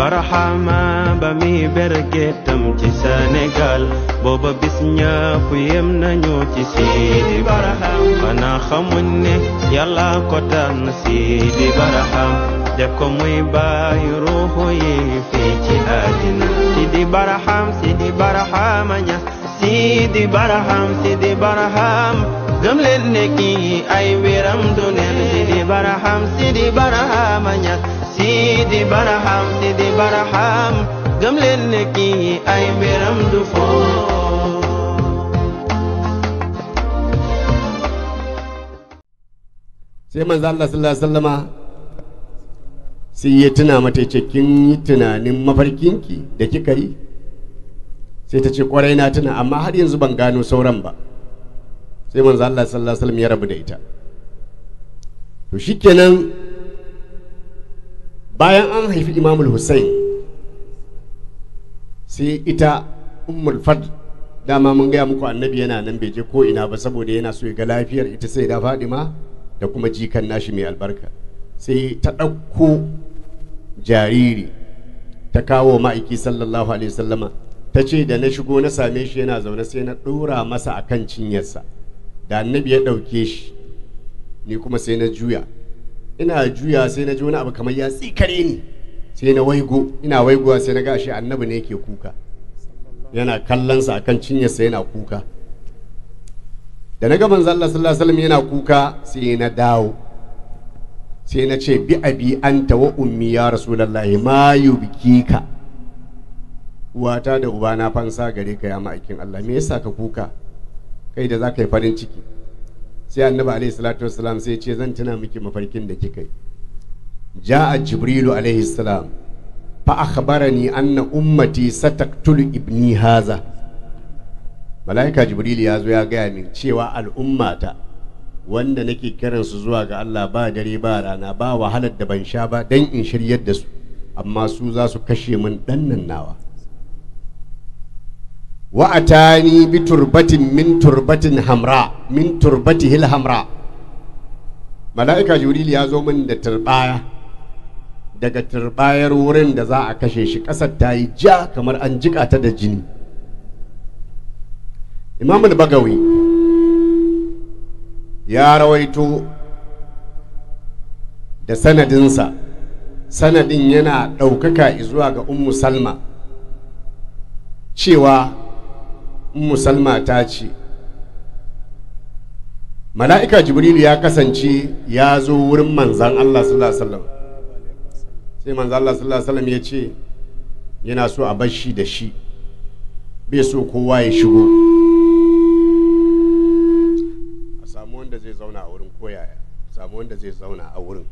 barxama ba mi bergetam ci Sénégal booba bis ñëpp yem nañu ci Sidi Barham xanaa xamuñ yàlla ko tànn Sidi Barham def ko muy bàyyi ruuxu yi fii ci àddina Sidi Barham Sidi Barham ñas Sidi Barham Sidi Barham gëm leen ne kii ay wiram du neen Sidi Barham Sidi Barham ñas سيدي برحم سيدي برحم قم اي sai manzo Allah sallallahu alaihi wasallama sai ya tuna mata ce kin yi tunanin mafarkinki da kika yi sai ta ce kwarai na tuna amma har yanzu ban gano sauran ba sai manzo Allah sallallahu alaihi wasallam ya rabu da ita to shikenan bayan an haifi imamul hussein sai ita ummul fad dama mun gaya muku annabi yana nan bai je ko ina ba saboda yana so ya ga lafiyar ita sai da fadima da kuma jikan nashi mai albarka sai ta ɗauko jariri ta kawo ma'aiki sallallahu alaihi sallama ta ce da na shigo na same shi yana zaune sai na ɗora masa a kan cinyarsa da annabi ya ɗauke shi ni kuma sai na juya ina juya sai na ji wani abu kamar ya tsikare ni sai na waigo ina waigowa sai na ga ashe annabi ne yake kuka yana kallon sa akan cinyarsa yana kuka da na ga manzo sallallahu alaihi yana kuka sai na dawo sai na ce bi abi anta wa ummi ya rasulullahi ma yubkika uwata da ubana fansa gare ka ya ma'aikin Allah me yasa ka kuka kai da zaka yi farin ciki sai annabi alaihi salatu wassalam sai ce zan tuna miki mafarkin da kika ja a jibrilu alaihi salam fa akhbarani anna ummati sataktul ibni haza malaika jibrilu ya zo ya gaya min cewa al'ummata wanda nake kiran su zuwa ga Allah ba dare ba rana ba wahalar da ban sha ba dan in shiryar da su amma su za su kashe min dan nan nawa wa atani bi turbatin min turbatin hamra min turbati hil hamra mala'ika jibril ya zo min da turbaya daga turbayar wurin da za a kashe shi ƙasar ta yi ja kamar an jika ta da jini imam bagawi ya rawaito da sanadinsa sanadin yana ɗaukaka izuwa ga ummu salma cewa musalma ta ce mala'ika jibrilu ya kasance ya zo wurin manzan Allah sallallahu alaihi wasallam sai manzan Allah sallallahu alaihi wasallam ya ce yana so a bar shi da shi bai so kowa ya shigo a samu wanda zai zauna a wurin koyaya a samu wanda zai zauna a wurin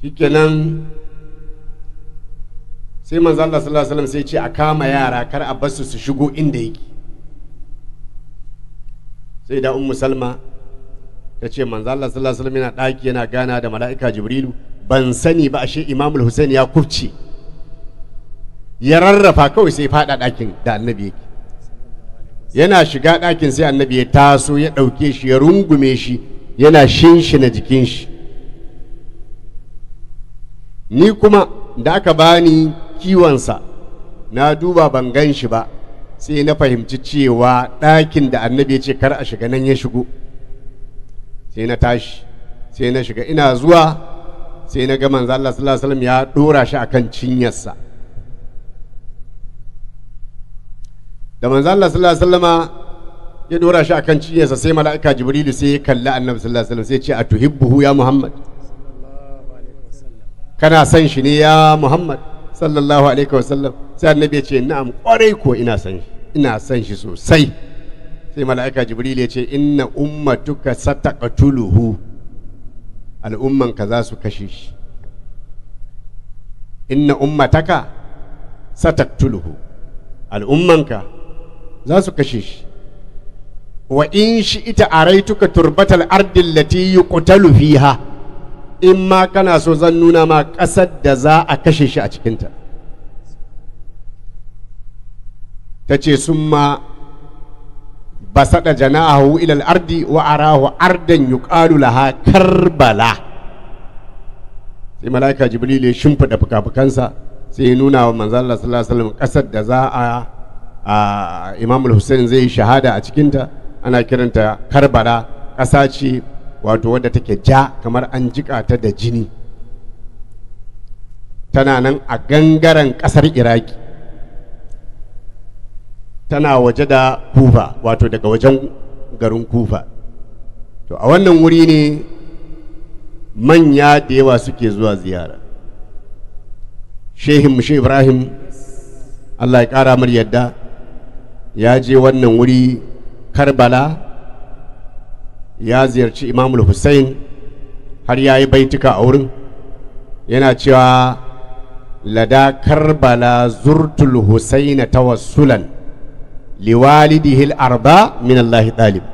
shikenan sai manzan Allah sallallahu alaihi wasallam sai ce a kama yara kar a basu su su shigo inda yake sai da ummu salma ta ce manzo Allah sallallahu alaihi yana daki yana gana da mala'ika jibrilu ban sani ba ashe imamul husain ya kufce ya rarrafa kawai sai fada dakin da annabi yake yana shiga dakin sai annabi ya taso ya dauke shi ya rungume shi yana na jikin shi ni kuma da aka bani kiwonsa na duba ban gan shi ba sai na fahimci cewa ɗakin da annabi ya ce kar a shiga nan ya shigo sai na tashi sai na shiga ina zuwa sai na ga manzo Allah sallallahu alaihi wasallam ya dora shi akan cinyarsa da manzo Allah sallallahu alaihi wasallama ya dora shi akan cinyarsa sai mala'ika jibrilu sai ya kalli annabi sallallahu alaihi wasallam sai ya ce atuhibbuhu ya muhammad kana son shi ne ya muhammad sallallahu alaihi wasallam sai annabi ya ce na'am kwarai ko ina san shi ina san shi sosai sai mala'ika jibril ya ce inna ummatuka sataqtuluhu al'umman ka za su kashe shi inna ummataka sataqtuluhu al'umman ka za su kashe shi wa in shi ita araituka turbatal ardin lati yuqtalu fiha in ma kana so zan nuna ma ƙasar da za a kashe shi a cikinta ta ce sun ma ba basaɗa jana'ahu ilal ardi wa arahu ardan yuqalu laha karbala sai mala'ika jibril ya shimfiɗa fuka-fukansa sai ya nuna wa manzo sallallahu da za a Imam Hussein zai yi shahada a cikinta ana kiranta Karbala ƙasa ce wato wadda take ja kamar an jika ta da jini tana nan a gangaren kasar iraki tana waje da kufa wato daga wajen garin kufa to a wannan wuri ne manya da yawa suke zuwa ziyara shehin mushe ibrahim allah ya kara mar yadda ya je wannan wuri karbala ya ziyarci imamul hussein har ya yi baituka a wurin yana cewa lada karbala zurtul husaina tawassulan liwalidihil arba minallahi allahi ɗalib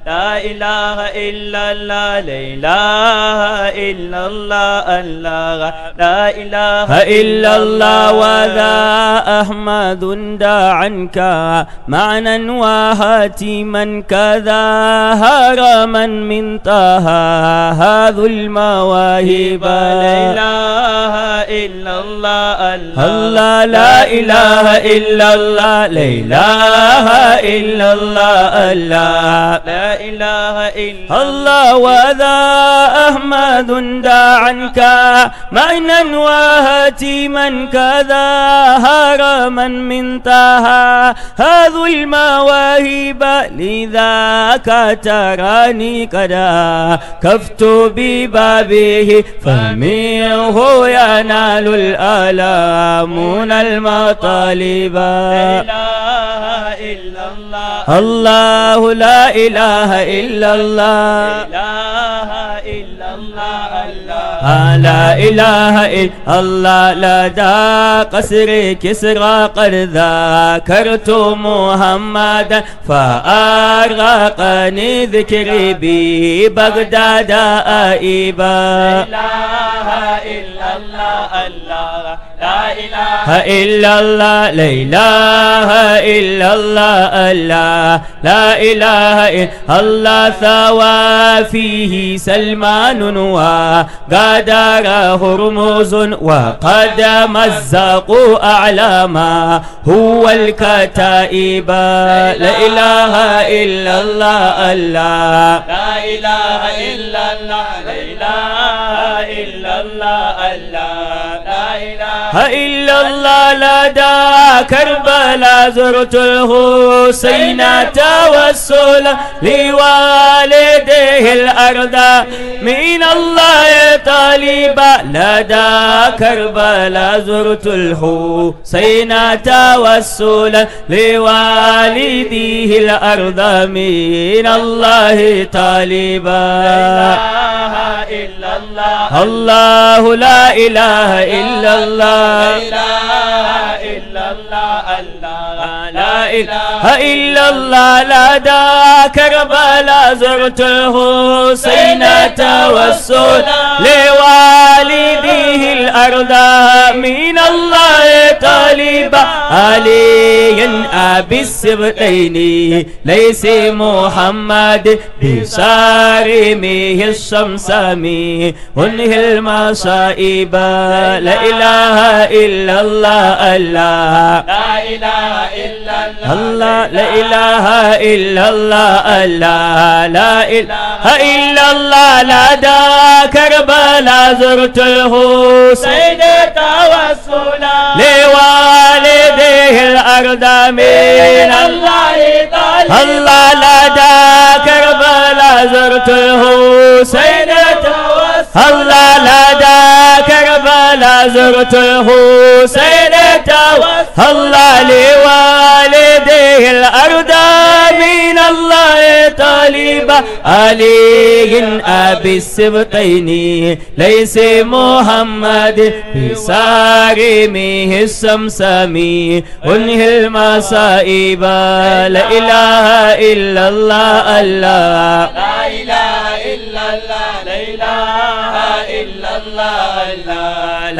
لا إله إلا الله لا إله إلا الله الله لا إله إلا الله وذا أحمد دا عنك معنا من كذا هرما من طه هذا المواهب لا إله إلا الله الله لا إله إلا الله لا إله إلا الله الله إله إلا الله وذا أحمد عنك كمعنا وهتيما كذا هرما من تها هذو المواهب لذاك تراني كدا كفت ببابه فمنه ينال الآلام المطالب إله الله لا إله إلا الله لا إله إلا الله لا لدى قصر كسرى قد ذاكرت محمدا فأرقني ذكري به بغداد آئبا لا إله إلا الله الله إله إلا الله لا إله إلا الله الله لا إله إلا الله ثوى فيه سلمان وغادر هرمز وقد مزقوا أعلاما هو الكتائب لا إله إلا الله الله لا إله إلا الله لا إله إلا الله الله إلا الله لا دا كربلا زرت الحسين توسلا لوالده الأرض من الله طالبا دا كربلا زرت الحسين توسلا لوالده الأرض من الله طالبا لا إله إلا الله الله لا إله إلا الله Allah. إله إلا الله لا كربا كربلا زرته سينة توسل لوالديه الأرض من الله طالبا علي أبي السبتين ليس محمد بصارمه الشمس أنهي المصائب لا إله إلا الله الله لا إله إلا الله الله لا إله إلا الله الله لا إله إلا الله دا كربلا زرت الحسين توسلا لوالديه الأرض من الله الله دا كربلا زرت الحسين توسلا الله دا كربلا لا زرته سينته الله لوالديه الأرض من الله طالبا علي أبي السبطين ليس محمد في صارمه السمسمي أنهي المصائب لا إله إلا الله الله لا إله إلا الله لا إله إلا الله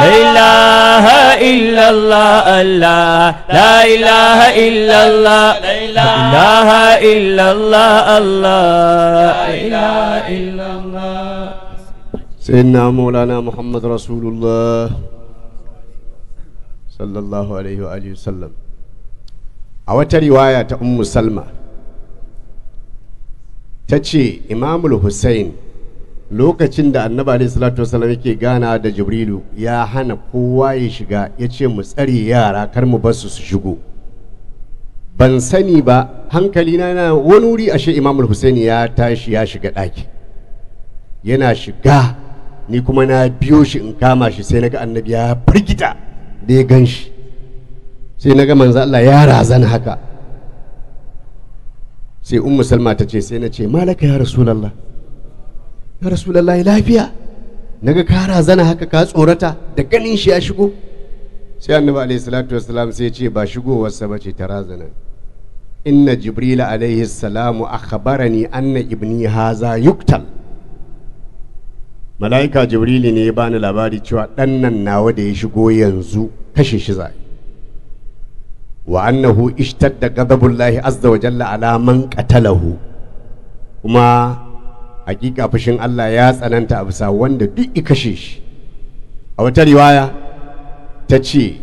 لا إله إلا الله الله لا إله إلا الله لا إله إلا الله الله لا إله إلا الله سيدنا مولانا محمد رسول الله صلى الله عليه وآله وسلم أوتى رواية أم سلمة تشي إمام الحسين lokacin da annabi alaihi salatu wasallam yake gana da jibrilu ya hana kowa ya shiga ya ce mu tsare yara kar mu basu su shigo ban sani ba hankali na yana wani wuri ashe imamul husaini ya tashi ya shiga ɗaki yana shiga ni kuma na biyo shi in kama shi sai naga annabi ya firgita da ya gan shi sai naga manzo Allah ya razana haka sai ummu salma ta ce sai na ce malaka ya rasulullah ya rasulullahi lafiya ga ka razana haka ka tsorata da ganin shi ya shigo sai annabi alaihi salatu wassalam sai ce ba shigowarsa ce ta razana inna jibril alaihi salamu akhbarani anna ibni haza yuktal mala'ika jibrili ne ya bani labari cewa dan nan nawa da ya shigo yanzu kashe shi zai wa annahu ishtadda ghadabullahi azza wa jalla ala man qatalahu kuma hakika fushin Allah ya tsananta a bisa wanda duk i kashe shi a wata riwaya ta ce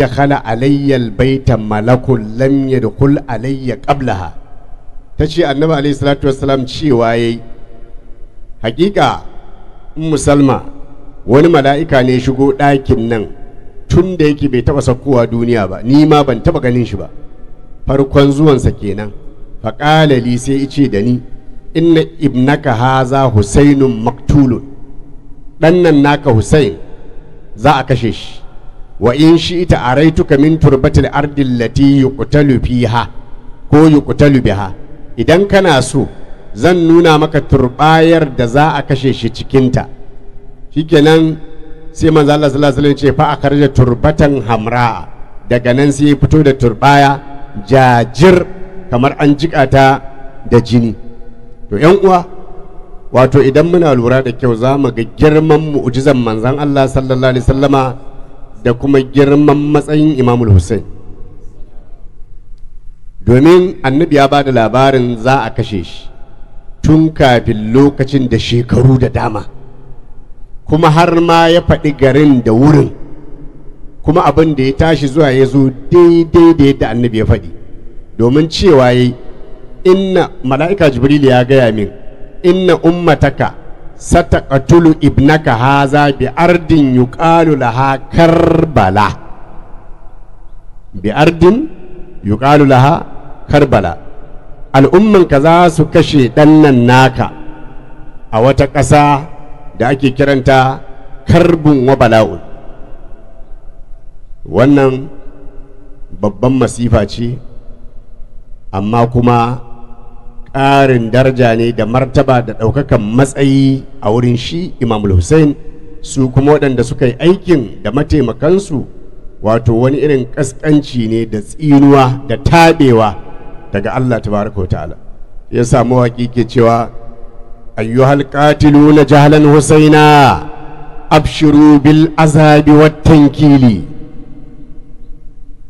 da hala Alayyar baitan malakun lam yadkhul alayya qablaha tace annabi alayhi salatu wassalam cewa yayi hakika musalma wani mala'ika ne shigo ɗakin nan tun da yake bai taɓa sakkowa duniya ba ni ma ban taɓa ganin shi ba farkon zuwansa kenan faƙalali sai ice da ni inna ibnaka haza husainun maktulun dan nan naka husain za a kashe shi wa in shi ita a raituka min turbatil ardin lati yuqtalu fiha ko yuqtalu biha idan kana so zan nuna maka turbayar da za a kashe shi cikinta shikenan sai manzo Allah sallallahu alaihi ce fa karje turbatan hamra daga nan sai ya fito da turbaya jajir kamar an jikata da jini to yan uwa wato idan muna lura da kyau za mu ga girman mu'ujizan manzan Allah sallallahu alaihi wasallama da kuma girman matsayin Imamul Hussein domin annabi ya ba da labarin za a kashe shi tun kafin lokacin da shekaru da dama kuma har ma ya faɗi garin da wurin kuma abin da ya tashi zuwa ya zo daidai da yadda annabi ya faɗi domin cewa ya yi inna mala'ika jibril ya gaya min inna ummataka sataqatulu ibnaka haza bi ardin yuqalu laha karbala bi ardin yuqalu laha karbala al'ummanka za su kashe ɗannan naka a wata ƙasa da ake kiranta karbun wa bala'un wannan babban masifa ce amma kuma ƙarin daraja ne da martaba da ɗaukakan matsayi a wurin shi imamul hussein su kuma waɗanda suka yi aikin da mataimakansu wato wani irin ƙasƙanci ne da tsinuwa da taɓewa daga allah tabaraka wa ta'ala ya samu ke cewa ayyuhal qatilu na jahalan husaina abshiru bil azabi wat tankili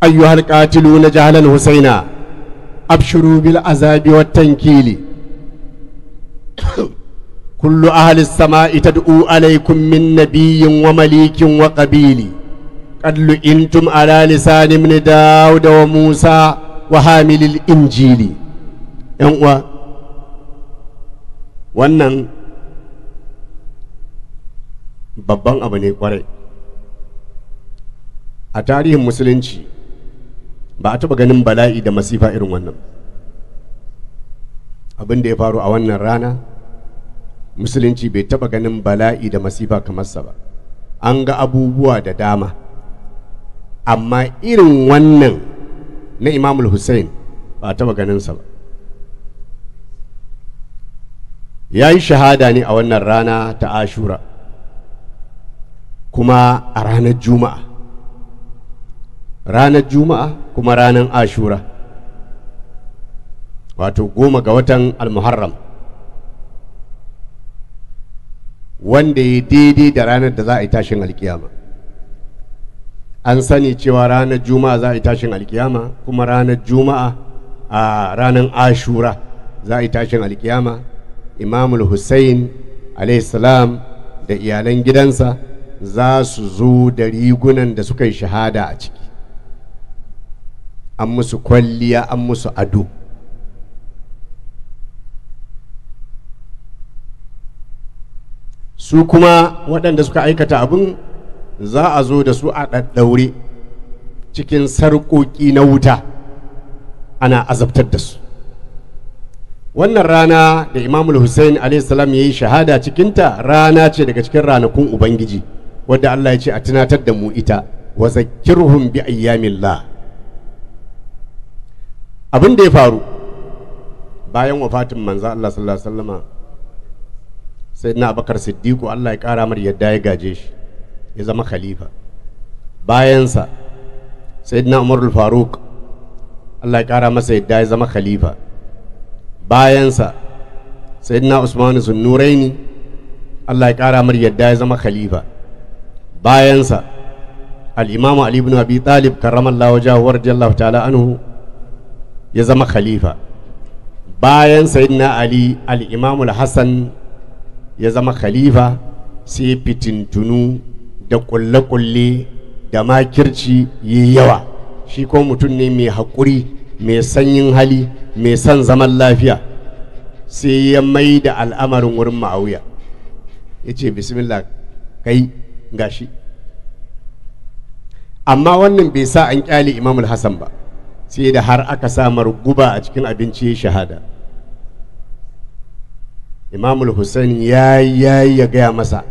ayyuhal qatilu na jahalan husaina abshuru bil azabi wat tankili kullu ahli samai tad'u alaykum min nabiyyin wa malikin wa qabili qad lu'intum ala lisan min daud wa musa wa hamilil injili yan uwa wannan babban abu ne kwarai a tarihin musulunci ba a taɓa ganin bala'i da masifa irin wannan abin da ya faru a wannan rana musulunci bai taɓa ganin bala'i da masifa kamar sa ba an ga abubuwa da dama amma irin wannan na imamul hussain ba a taɓa ganinsa ba ya yi shahada ne a wannan rana ta ashura kuma a ranar juma'a ranar juma'a kuma ranar ashura wato goma ga watan almuharram wanda ya daidai da ranar da za a yi tashin alkiyama an sani cewa ranar juma'a za a yi tashin alkiyama kuma ranar juma'a a ranar ashura za a yi tashin alkiyama imamul hussein salam da iyalan gidansa za su zo da rigunan da suka yi shahada a ciki an musu kwalliya an musu ado su kuma waɗanda suka aikata abin za a zo da su a ɗaɗɗaure cikin sarƙoƙi na wuta ana azabtar da su wannan rana da imamul hussein salam ya yi shahada cikinta rana ce daga cikin ranakun ubangiji wadda allah ya ce a tunatar da mu ita wa zakirhum bi ayyamillah abin da ya faru bayan wafatin manzo Allah sallallahu alaihi wasallama sayyidina Abubakar Siddiqu Allah ya kara mar yadda ya gaje shi ya zama khalifa bayansa sayyidina Umar al-Faruq Allah ya kara masa yadda ya zama khalifa bayansa sayyidina Usmanu Zunnuraini Allah ya kara mar yadda ya zama khalifa bayansa al-Imam Ali ibn Abi Talib karramallahu wajhahu wa radiyallahu ta'ala anhu ya zama khalifa bayan sayyidina ali al hassan ya zama khalifa sai fitintunu da kulle-kulle da makirci yi yawa shi ko mutum ne mai haƙuri mai sanyin hali mai son zaman lafiya sai ya mai da al'amarin wurin ma'auya ya ce bismillah kai gashi amma wannan bai sa an kyale imamul hassan ba sai da har aka samar guba a cikin abinci shahada imamul hussein ya yi ya gaya masa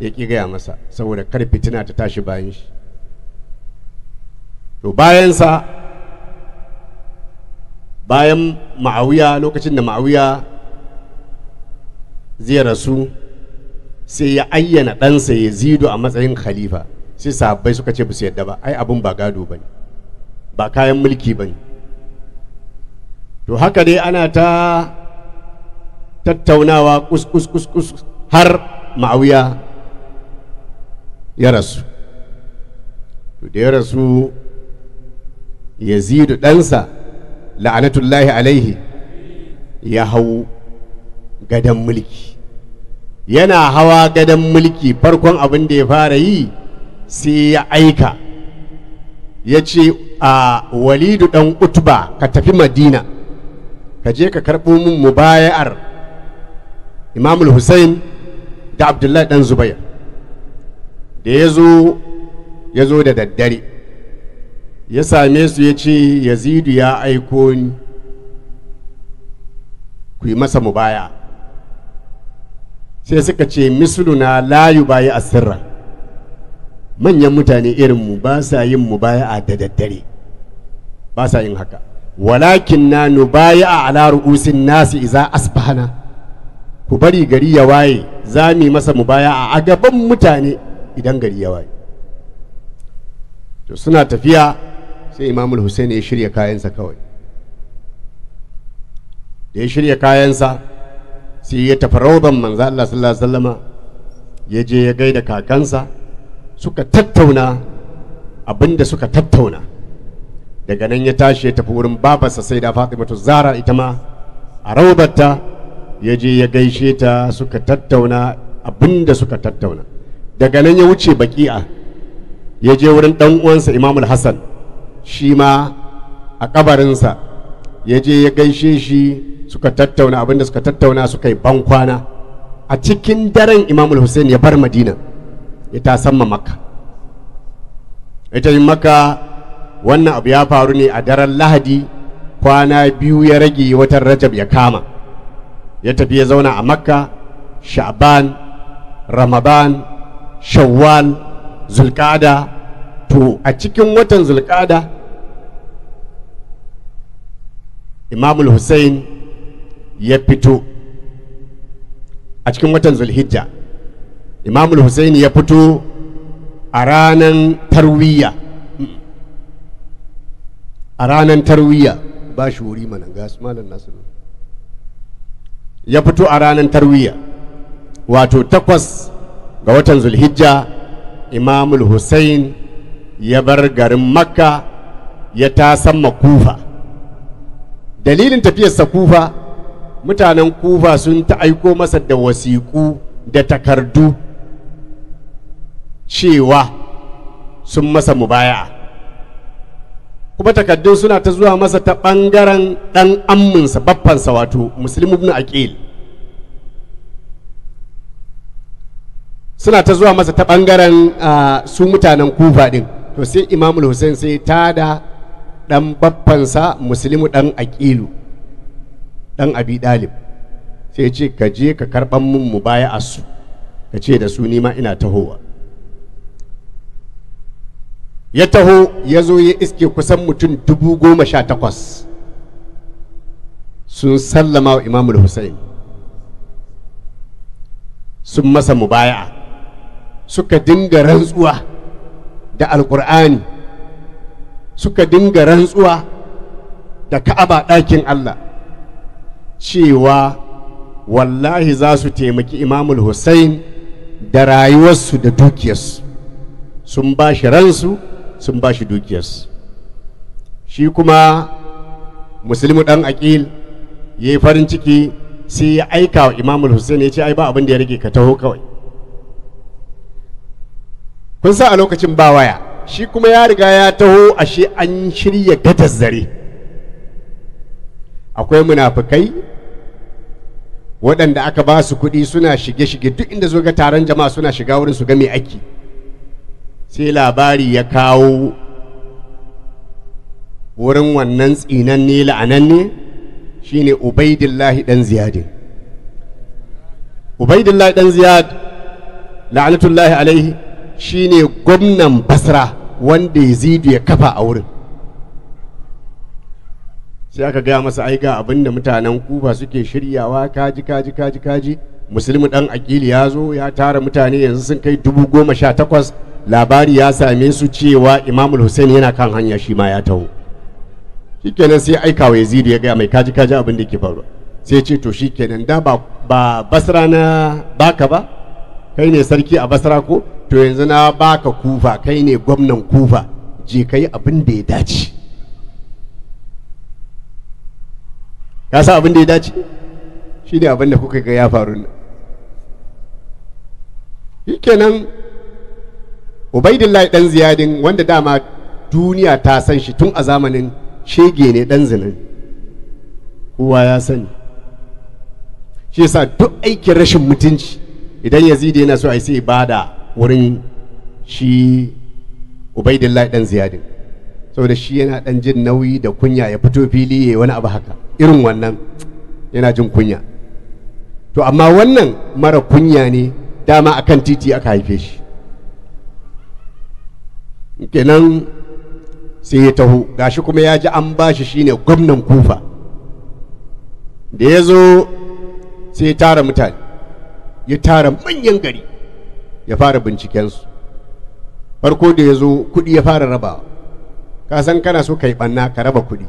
ya ƙi gaya masa saboda kar fitina ta tashi bayan shi to bayansa bayan ma'awiya lokacin da ma'awiya zai rasu sai ya ayyana ɗansa ya zido a matsayin khalifa sai sahabbai suka ce ba su yadda ba ai abin ba gado ba ne ba kayan mulki ba ne to haka dai ana ta tattaunawa kus har ma'auya ya rasu to da ya rasu yazidu ɗansa la'anatullahi alaihi ya hau gadon mulki yana hawa gadon mulki farkon abin da ya fara yi sai ya aika ya ce a walidu ɗan utba ka tafi madina ka je ka karɓo mun mubaya'ar imamul hussein da abdullahi dan zubair da ya zo ya zo da daddare ya same su ya ce yazidu ya aiko ni ku yi masa mubaya sai suka ce misluna layu baya a sirra manyan mutane irinmu ba sa yin mubaya da daddare ba sa yin haka walakin na a alaru usin nasi iza asbahana ku bari gari ya waye za mu masa mubaya a agaban mutane idan gari ya waye to suna tafiya sai imamul hussein ya shirya kayansa kawai da ya shirya kayansa sai ya tafi rauban manzo Allah sallallahu alaihi ya je ya gaida kakansa suka tattauna abinda suka tattauna daga nan ya tashi ya tafi wurin babarsa sai da fatimatu zara ita ma a raubarta ya je ya gaishe ta suka tattauna abin da suka tattauna daga nan ya wuce baki'a ya je wurin ɗan uwansa imamul hassan shi ma a kabarinsa ya je ya gaishe shi suka tattauna abin da suka tattauna suka yi bankwana a cikin daren imamul hussein ya bar madina ya samma maka ita yin maka wannan abu ya faru ne a daren lahadi kwana biyu ya rage watan rajab ya kama ya tafi ya zauna a makka sha'ban ramadan shawwal zulkada to a cikin watan zulkada imamul hussein ya fito a cikin watan zulhijja imamul hussein ya fito a ranar tarwiyya a ranar tarwiyya ba shi wuri mana ga su malam nasiru ya fito a ranar tarwiyya, wato takwas ga watan zulhijja imamul hussein ya bar garin makka ya tasamma kufa dalilin tafiyarsa kufa mutanen kufa sun ta aiko masa da wasiƙu da takardu cewa sun masa mubaya'a kuma takaddun suna ta zuwa masa ta ɓangaren ɗan amminsa baffansa wato muslim ibn aqil suna ta zuwa masa ta ɓangaren su mutanen kufa ɗin to sai imamul hussein sai ta da ɗan baffansa muslimu ɗan aqilu ɗan abi ɗalib sai ce ka je ka karɓan mun mu baya asu ka ce da su nima ina tahowa ya taho ya zo ya iske kusan mutum dubu goma sha takwas sun sallama wa imamul hussein sun masa mubaya suka dinga rantsuwa da alkur'ani suka dinga rantsuwa da ka'aba ɗakin allah cewa wallahi za su taimaki imamul hussain da rayuwarsu da dukiyarsu sun ba shi ransu sun ba shi dukiyarsu shi kuma musulmi dan aqil ya yi farin ciki sai ya aika wa imamul hussein ya ce ai ba abin da ya rage ka taho kawai kun sa a lokacin ba waya shi kuma ya riga ya taho ashe an shirya gatas zare akwai munafukai waɗanda aka ba su kuɗi suna shige-shige duk inda zo ga taron jama'a suna shiga wurin su ga mai aiki sai labari ya kawo wurin wannan tsinanne la'ananne shine ubaidillahi dan ziyadin ubaidillahi dan ziyad la'anatullahi alaihi shine gwamnan basra wanda ya yazidu ya kafa a wurin sai aka gaya masa ai ga abin da mutanen kufa suke shiryawa kaji kaji kaji kaji musulmi dan akili ya zo ya tara mutane yanzu sun kai dubu goma sha takwas labari ya same su cewa imamul hussein yana kan hanya shi ma ya taho shikenan sai aika wa yazidu ya gaya mai kaji kaji abin da ke faru sai ce to shikenan da ba ba basra na baka ba kai ne sarki a basra ko to yanzu na baka kufa kai ne gwamnan kufa je kai abin da ya dace ka sa abin da ya dace shi ne abin da kuka ga ya faru nan shikenan ubaidillahi dan ziyadin wanda dama duniya ta san shi tun a zamanin shege ne dan zinin kowa ya sani shi yasa duk aikin rashin mutunci idan zide yana so a sai ibada wurin shi ubaidillahi dan ziyadin saboda shi yana dan jin nauyi da kunya ya fito fili ya wani abu haka irin wannan yana jin kunya to amma wannan mara kunya ne dama akan titi aka haife shi kenan sai ya taho gashi kuma ya ji an bashi shine gwamnan kufa da ya zo sai ya tara mutane ya tara manyan gari ya fara bincikensu farko da ya zo kuɗi ya fara rabawa ka san kana so ka yi ɓanna ka raba kuɗi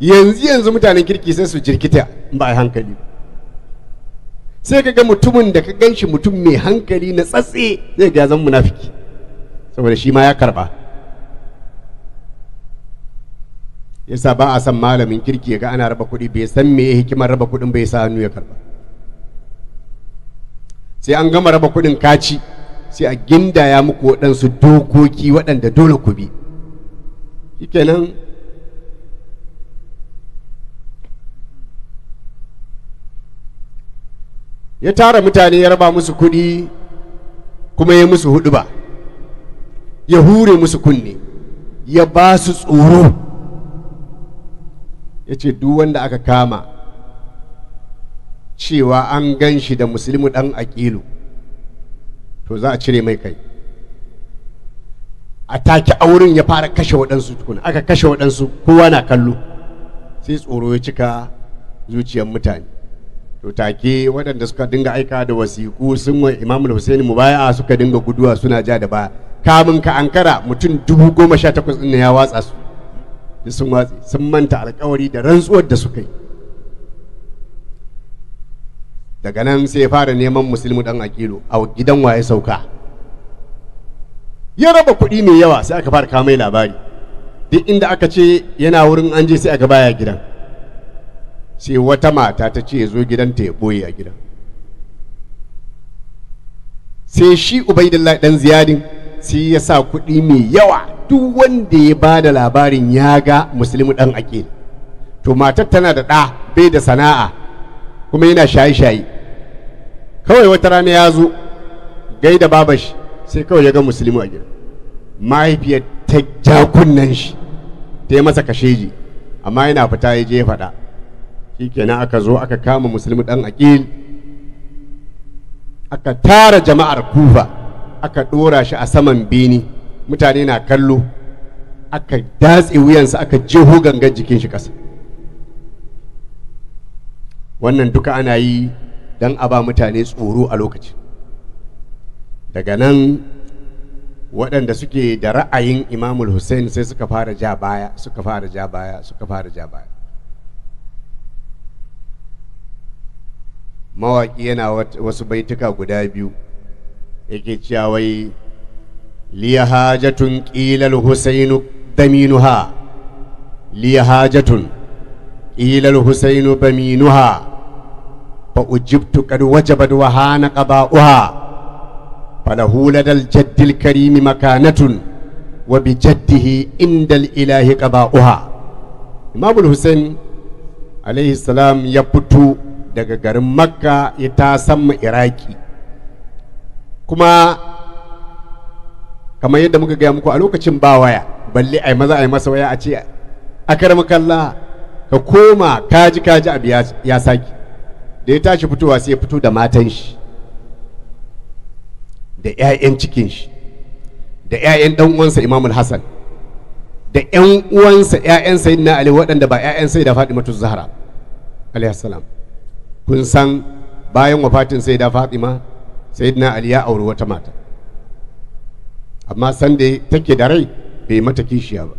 yanzu yanzu mutanen kirki sai su jirkita ba hankali sai ka ga mutumin da ka gan shi mutum mai hankali na tsatse zai ga zan munafiki saboda shi ma ya karba yasa ba a san malamin kirki ya ga ana raba kuɗi bai san me hikimar raba kuɗin bai sa hannu ya karba sai an gama raba kuɗin kaci sai a ya muku waɗansu dokoki waɗanda dole ku bi shikenan ya tara mutane ya raba musu kuɗi kuma ya musu huɗuba. ba ya hure musu kunne ya ba su tsoro ya ce duk wanda aka kama cewa an gan shi da musulmi dan aƙilu to za a cire mai kai a take auren ya fara kashe waɗansu tukuna aka kashe waɗansu kowa na kallo sai tsoro ya cika zuciyar mutane to take waɗanda suka dinga aika da wasiƙu sun wa imamul husaini mubaya suka dinga guduwa suna ja da baya kamun ka ankara mutum dubu goma sha takwas ɗin ya watsa su da sun watsi sun manta alkawari da rantsuwar da suka yi daga nan sai ya fara neman musulmi dan akilu a gidan waye sauka ya raba kuɗi mai yawa sai aka fara kamai labari duk inda aka ce yana wurin an je sai aka baya gidan sai wata mata ta ce ya zo gidanta ya ɓoye a gidan sai shi ubaidillahi dan ziyadin sai ya sa kuɗi mai yawa duk wanda ya ba da labarin ya ga musulmi ɗan ake to matar tana da ɗa bai da sana'a kuma yana shaye-shaye kawai wata rana ya zo gai gaida shi sai kawai ya ga musulmi a gida mahaifiyar ta ja kunnen shi ta yi masa kasheji amma yana fita ya je faɗa kenan aka zo aka kama musulmi ɗan aƙil aka tara jama'ar kufa aka ɗora shi a saman bini mutane na kallo aka datse wuyansa aka jeho gangan jikin shi ƙasa wannan duka ana yi don a ba mutane tsoro a lokaci daga nan waɗanda suke da ra'ayin imamul hussein sai suka fara ja baya suka fara ja baya suka fara ja baya mawaƙi yana wasu baituka guda biyu yake cewa wai liya hajatun ƙilal husainu daminuha liya hajatun ƙilal husainu baminuha fa ujibtu kad wajaba wa hana qada'uha falahu ladal jaddil karimi makanatun wa bi jaddihi indal ilahi Imam imamul husain alayhi salam ya fito daga garin makka ya tasamma iraki kuma kamar yadda muka gaya muku a lokacin ba waya balle ai maza ai masa waya a ce kalla ka koma kaji kaji abu ya saki da ya tashi fitowa sai ya fito da matan shi da 'ya'yan cikin shi da 'ya'yan dan uwansa imamul hasan da 'yan uwansa 'ya'yan na ali waɗanda ba 'ya'yan da fatimatu zahra alaihi salam kun san bayan wafatin sayyida fatima sayyidina ali ya auri wata mata amma sanda take da rai bai mata kishiya ba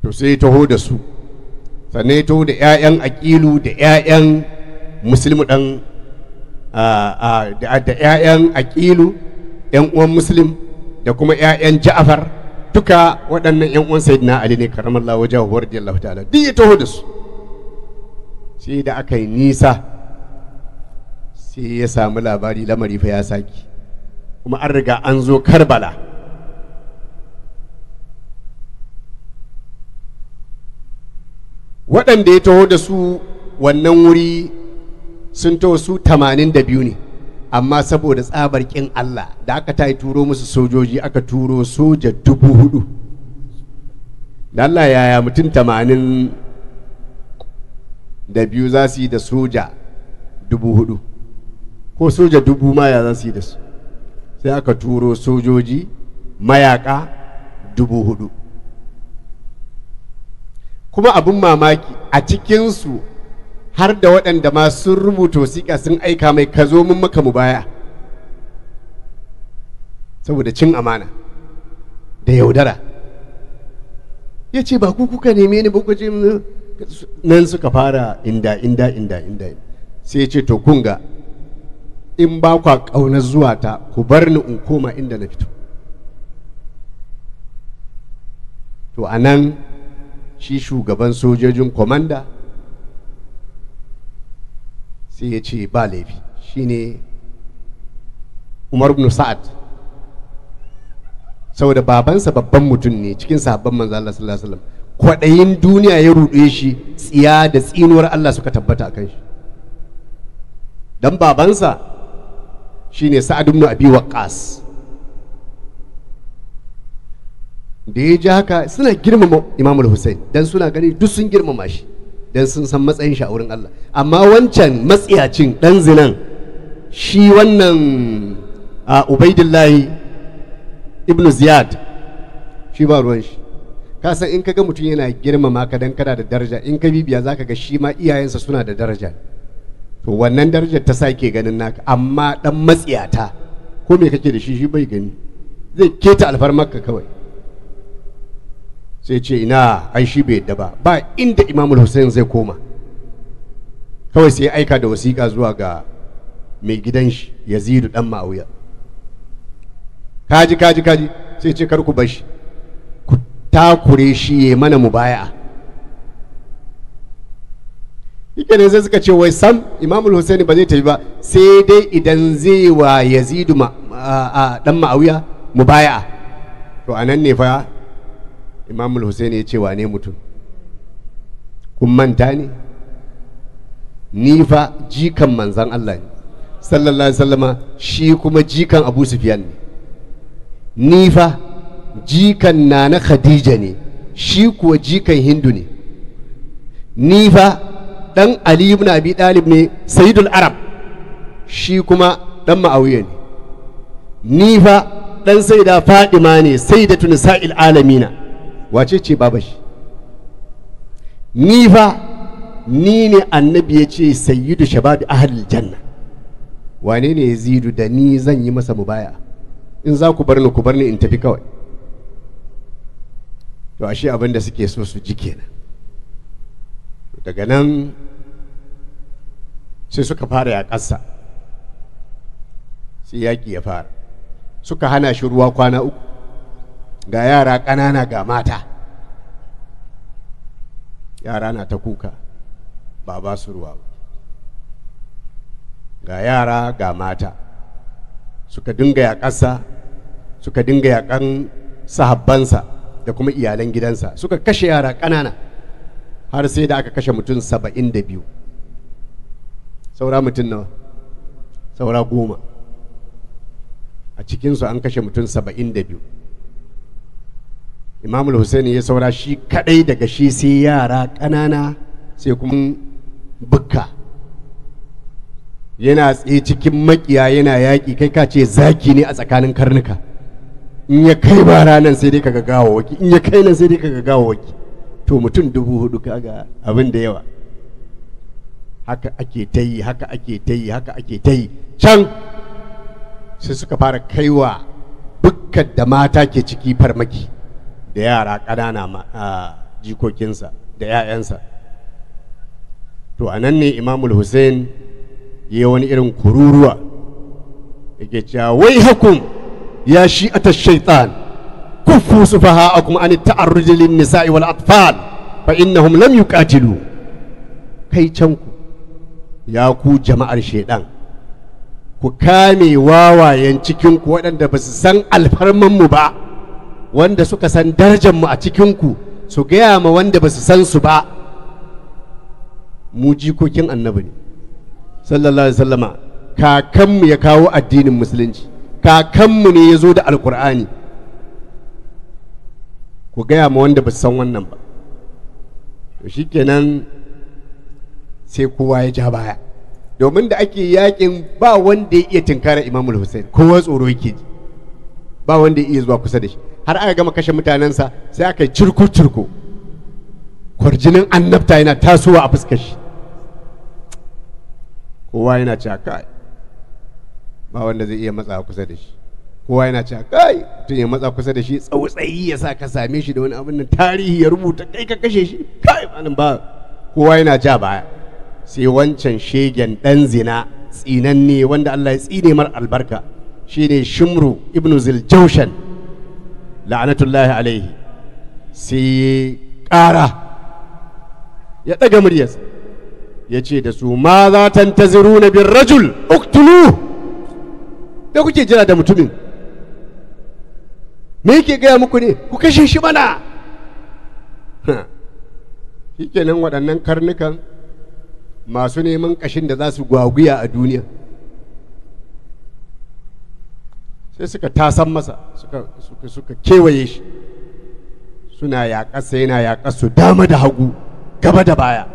to sai taho da su sannan ya taho da 'ya'yan akilu da 'ya'yan musulmi ɗan da 'ya'yan akilu 'yan uwan musulmi da kuma 'ya'yan ja'afar duka waɗannan 'yan uwan na ali ne karamar lawa huwar da Allah ta'ala duk ya taho da su sai da aka yi nisa sai ya samu labari lamari fa ya saki kuma an riga an zo karbala waɗanda ya taho da su wannan wuri sun taho su tamanin da biyu ne amma saboda tsabar ƙin Allah da aka ta yi turo musu sojoji aka turo soja dubu hudu da Allah yaya mutum tamanin da biyu za su yi da soja dubu hudu ko soja dubu ma ya za su yi da su sai aka turo sojoji mayaka dubu hudu kuma abin mamaki a cikinsu har da waɗanda ma sun rubuta wasiƙa sun aika mai ka zo mun maka mu baya saboda cin amana da yaudara ya ce ba ku kuka neme ni ba ku ce nan suka fara inda inda inda inda sai ya ce to kunga in ba kwa ƙaunar zuwa ta ku bar ni in koma inda na fito to a nan shi shugaban sojojin komanda sai ya ce ba laifi shi ne umar ibn sa'ad saboda babansa babban mutum ne cikin sabon manzo Allah sallallahu alaihi wasallam kwaɗayin duniya ya ruɗe shi tsiya da tsinuwar Allah suka tabbata a kan shi don babansa shine sa'adun mu abi waqqas da ya ji haka suna girmama imamul hussein don suna gani duk sun girmama shi don sun san matsayin shi a wurin Allah amma wancan matsiyacin ɗan zinan shi wannan a ubaidillahi ibn ziyad shi ba ruwan shi ka san in ga mutum yana girmama ka don kana da daraja in ka bibiya ka ga shi ma iyayensa suna da daraja to wannan darajar ta sake ganin naka amma dan matsiyata ko me kake da shi shi bai gani zai keta alfarmarka kawai sai ce ina ai shi bai yadda ba ba inda imamul hussein zai koma kawai sai aika da wasiƙa zuwa ga mai gidan shi yazidu dan ma'auya kaji kaji kaji sai ce kar ku bar ku takure shi ya mana mubaya'a Ike ne sai suka ce wai sam Imamul Husaini ba zai tafi ba sai dai idan zai wa Yazidu a dan Ma'awiya baya To anan ne fa Imamul Husaini ya ce wa ne mutum. Kun manta ne? Ni fa jikan manzan Allah ne. Sallallahu Alaihi wasallama shi kuma jikan Abu Sufyan ne. Ni fa jikan na na Khadija ne. Shi kuwa jikan Hindu ne. Ni fa dan ali ibn abi dalib ne sayyidul arab shi kuma dan ma'awiya ne ni fa dan sayyida Fatima ne sayyidatu nisa'il alamina wace ce baba shi ni fa ni ne annabi ya ce sayyidu Shabab ahlil janna wane ne yazidu da ni zan yi masa mubaya in za ku bar ni ku bar ni in tafi kawai to ashe abin da suke so su ji kenan daga nan sai suka fara ya ƙasa sai yaƙi ya fara suka hana shi ruwa kwana uku ga yara ƙanana ga mata yara na ta kuka ba ba su ruwa ga yara ga mata suka dinga ya ƙasa suka dinga yaƙan sahabbansa da kuma iyalan gidansa suka kashe yara ƙanana har sai da aka kashe mutum saba'in da biyu saura mutum nawa saura goma a cikinsu an kashe mutum saba'in da biyu imamul husaini ya saura shi kadai daga shi sai yara ƙanana sai kuma bukka yana tsaye cikin makiya yana yaƙi kai ka ce zaki ne a tsakanin karnuka in ya kai ba ranar sai dai ka ga gawawaki in ya kai nan sai dai ka ga gawawaki to mutum dubu hudu kaga abin da yawa haka ake ta yi haka ake ta yi haka ake ta yi can sai suka fara kaiwa bukkar da mata ke ciki farmaki da yara ƙanana jikokinsa da 'ya'yansa to a nan ne imamul hussein ya yi wani irin kururuwa yake cewa wai hakun ya shi a shaitan كفوا سفهاءكم عن التعرض للنساء والأطفال فإنهم لم يقاتلوا كي تنكو يا كو جماعة الشيطان ku kame wawayen cikinku waɗanda ba su san alfarmanmu ba wanda suka san darajanmu a cikinku su gaya ma wanda ba su san su ba mu jikokin annabi ne sallallahu alaihi wasallama kakanmu ya kawo addinin musulunci kakanmu ne ya zo da alkur'ani ku gaya ma wanda ba san wannan ba to shikenan sai kowa ya ja baya domin da ake yakin ba wanda ya iya tinkara imamul hussein kowa tsoro yake ji ba wanda ya iya zuwa kusa da shi har aka gama kashe mutanensa sai aka yi cirko-cirko kwarjinin annabta yana tasowa a fuskar shi kowa yana cewa kai ba wanda zai iya matsa kusa da shi kowa yana cewa kai tun ya matsa kusa da shi tsautsayi ya sa ka same shi da wani abin nan tarihi ya rubuta kai ka kashe shi kai malam ba kowa yana ja baya sai wancan shegen dan zina tsinanne wanda Allah ya tsine mar albarka shine Shimru ibnu ziljaushan la'anatullahi alaihi sai ƙara ya ɗaga muryarsa ya ce da su ma za ta taziru na bin rajul uktulu da kuke jira da mutumin me yake gaya muku ne ku kashe shi mana shi kenan waɗannan karnukan masu neman ƙashin da za su gwaguya a duniya sai suka tasan masa suka kewaye shi suna yaƙarsa yana yaƙarsu dama da hagu gaba da baya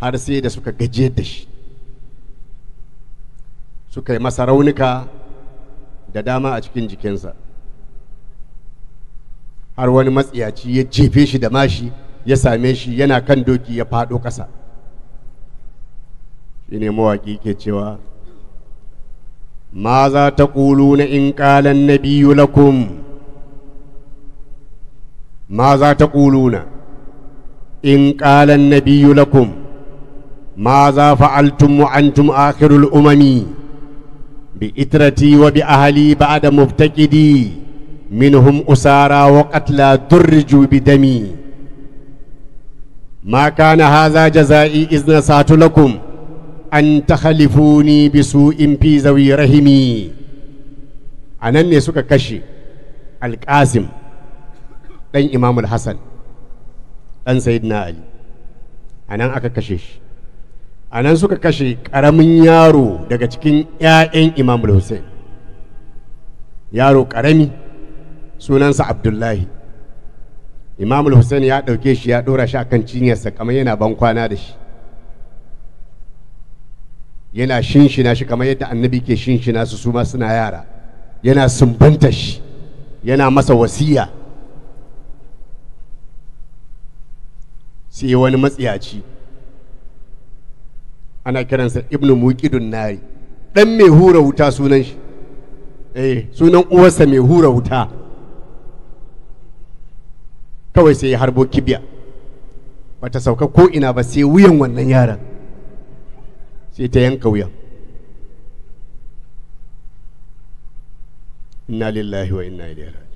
har sai da suka gajiyar da shi suka yi masa raunuka da dama a cikin jikinsa har wani matsiyaci ya jefe shi da mashi ya same shi yana kan doki ya faɗo ƙasa shi ne mawaƙi ke cewa ma za ta ƙulu na in ƙalan na biyu lakum ma za ta ƙulu na in ƙalan na biyu lakum ma za fa’altun mu’antun akhirul umami bi itrati wa bi ahali ba da muftakidi منهم أسارى وقتلى درجوا بدمي ما كان هذا جزائي إذ نسات لكم an ta halifuni bisu in fi zawi rahimi a nan ne suka kashe alƙasim ɗan imam hassan ɗan sayidina ali a nan aka kashe shi a nan suka kashe ƙaramin yaro daga cikin 'ya'yan imam hussein yaro ƙarami sunansa abdullahi imam hussein ya ɗauke shi ya ɗora shi a kan cinyarsa kamar yana ban kwana da shi yana shinshina shi kamar yadda annabi ke shinshina su su ma suna yara yana sumbanta shi yana masa wasiya sai wani matsiyaci ana kiransa ibn muqidun nari dan mai hura wuta sunan shi eh sunan uwarsa mai hura wuta kawai sai ya harbo kibiya bata sauka ko ina ba sai wuyan wannan yaran sai ta yanka wuyan inna lillahi wa inna ilaihi raji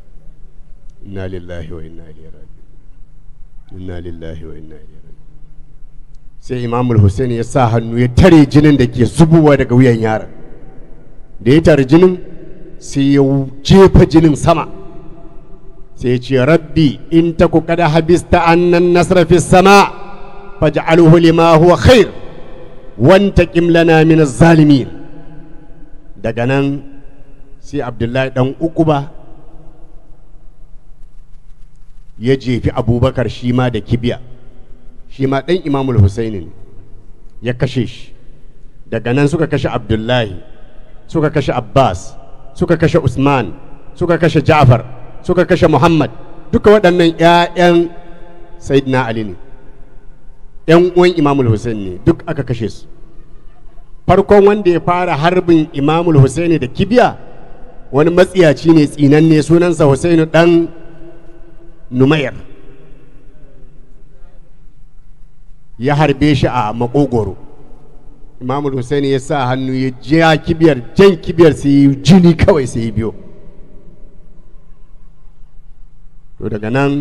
inna lillahi wa inna ilaihi raji inna lillahi wa inna ilaihi raji sai imamul hussein ya sa hannu ya tare jinin da ke zubowa daga wuyan yaran da ya tare jinin sai ya jefa jinin sama sai ce rabbi in ta ku kada habista annan nasra fi sama faj'alhu lima huwa khair wanta ƙimla min zalimin daga nan sai abdullahi dan ukuba ya jefi abubakar shi ma da kibiya shi ma ɗan imamul husaini ya kashe shi daga nan suka kashe abdullahi suka kashe abbas suka kashe usman suka kashe ja'far suka kashe muhammad duka waɗannan 'ya'yan sayyidina ali ne 'yan uwan imamul hussein ne duk aka kashe su farkon wanda ya fara harbin imamul hussein da kibiya wani matsiyaci ne tsinanne sunansa hussein ɗan numayar ya harbe shi a makogoro imamul hussein ya sa hannu ya jiya kibiyar jan kibiyar sai jini kawai sai biyo to daga nan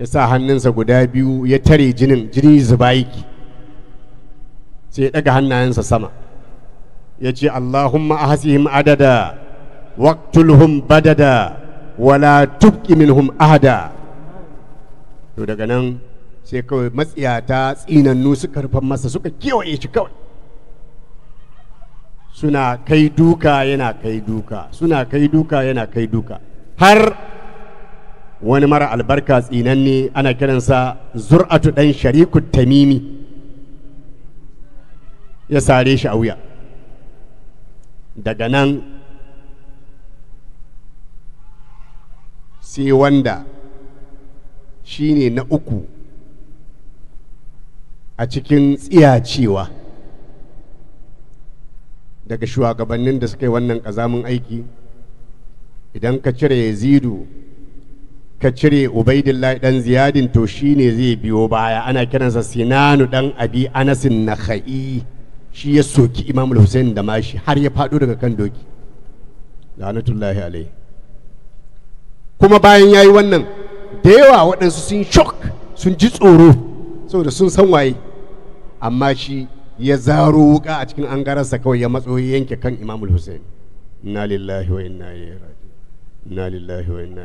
ya sa hannunsa guda biyu ya tare jinin jini zuba yake sai ya ɗaga hannayensa sama ya ce allahumma ahsihim adada waqtulhum badada wala tubqi minhum ahada to daga nan sai kawai matsiyata tsinannu suka rufan masa suka kewaye shi kawai suna kai duka yana kai duka suna kai duka yana kai duka har wani mara albarka tsinanne ana kiransa zur'atu ɗan shariku tamimi ya sare shi a wuya daga nan sai wanda shi ne na uku a cikin tsiyacewa daga shugabannin da suka yi wannan ƙazamin aiki idan ka cire yazidu ka cire ubaidillahi dan ziyadin to ne zai biyo baya ana kiransa sinanu dan abi anasin nakhai shi ya soki imam al-husain da mashi har ya fado daga kan doki lanatullahi alai kuma bayan yayi wannan da yawa waɗansu sun shock sun ji tsoro saboda sun san waye amma shi ya zaro wuka a cikin angararsa kawai ya matso yanke kan imam al-husain lillahi wa inna ilaihi raji'un inna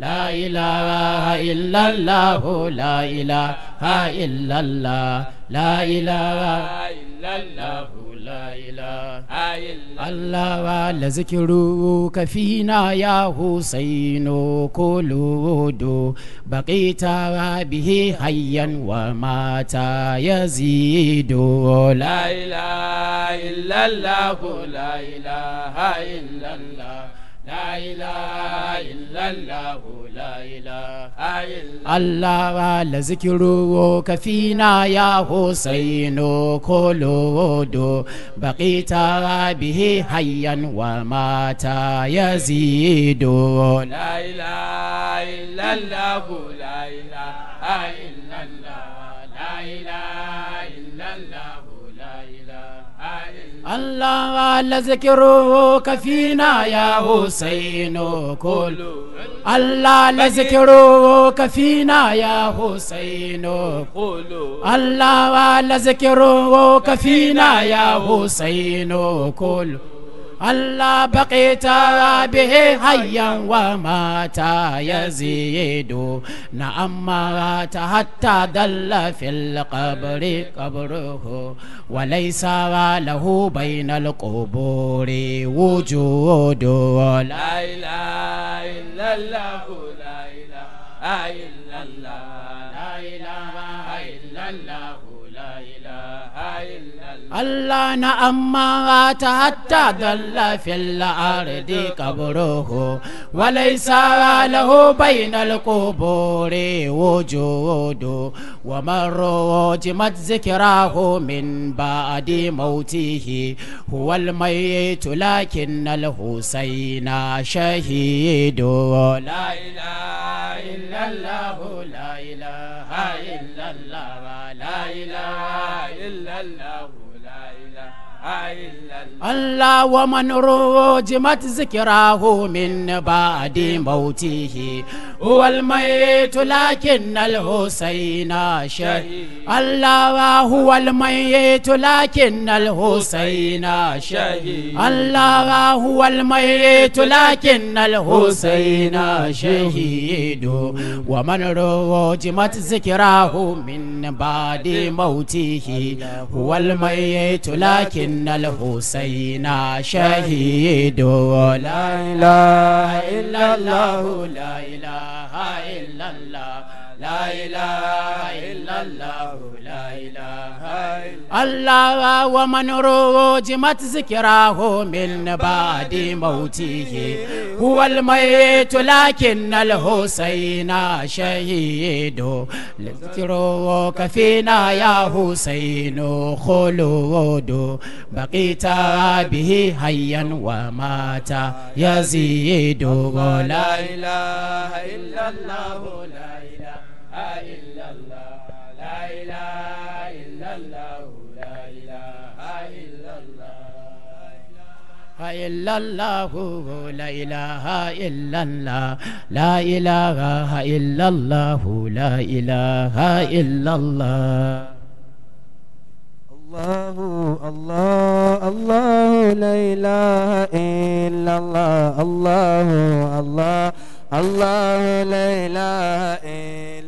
Layla, haɗa na iya lalla, ho layla, haɗa na iya lalla. Layla, haɗa na iya lalla, da zikiru kafina ya husa inu ko lado, bakita biye wa mata ya zido, Layla, haɗa na iya lalla, Allah la zikiru kafina ya Husainu kolodo baqita bihi hayyan wa mata yazidu La ilaha illallah la ilaha illallah la ilaha الله على ذكرك فينا يا حسين كل الله على ذكرك فينا يا حسين كل الله على ذكرك فينا يا حسين كل الله بقيت به حيا ومات يزيد نعم مات حتى دل في القبر قبره وليس له بين القبور وجود لا إله إلا الله لا إله إلا الله Allah na amma ta hatta dalla fil ardi qabruhu wa laysa lahu bainal quburi wujudu wa marru jimat zikrahu min ba'di mautihi huwa al mayyit lakin al husayna shahidu la ilaha illa allah la ilaha illa allah la Allah wa man rujimat zikirahu min ba'di mautihi wal mayt lakin al husayna shay Allah huwa al mayt lakin al husayna shay Allah huwa al mayt lakin al husayna do wa man rujimat zikirahu min ba'di mautihi wal mayt lakin أن الحسين شهيد لا إله إلا الله لا إله إلا الله لا إله إلا الله لا إله إلا الله ومن روجمت ذكراه من بعد موته هو الميت لكن الحسين شهيد لذكره فينا يا حسين خلود بقيت به حيا ومات يزيد لا إله إلا الله لا إله إلا الله لا إله إلا الله لا إله إلا الله إلا الله لا إله إلا الله لا إله إلا الله لا إله إلا الله الله الله الله لا إله إلا الله الله الله الله لا إله إلا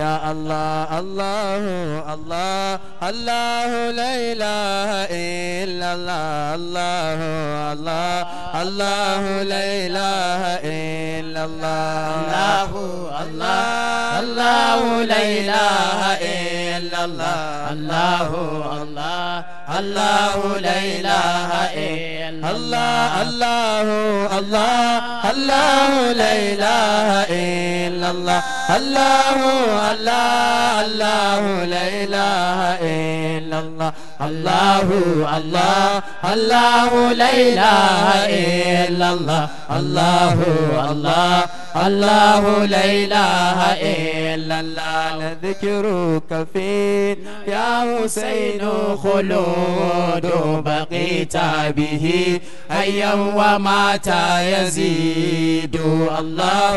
يا الله الله الله الله لا إله إلا الله الله الله الله لا إله إلا الله الله الله لا إله إلا الله الله الله الله لا إله إلا الله الله الله لا إله إلا الله الله الله الله لا إله إلا الله الله الله الله لا إله إلا الله الله الله الله لا إله إلا الله ذكرك فين يا حسين خلود بقيت به ايا ومات يزيد الله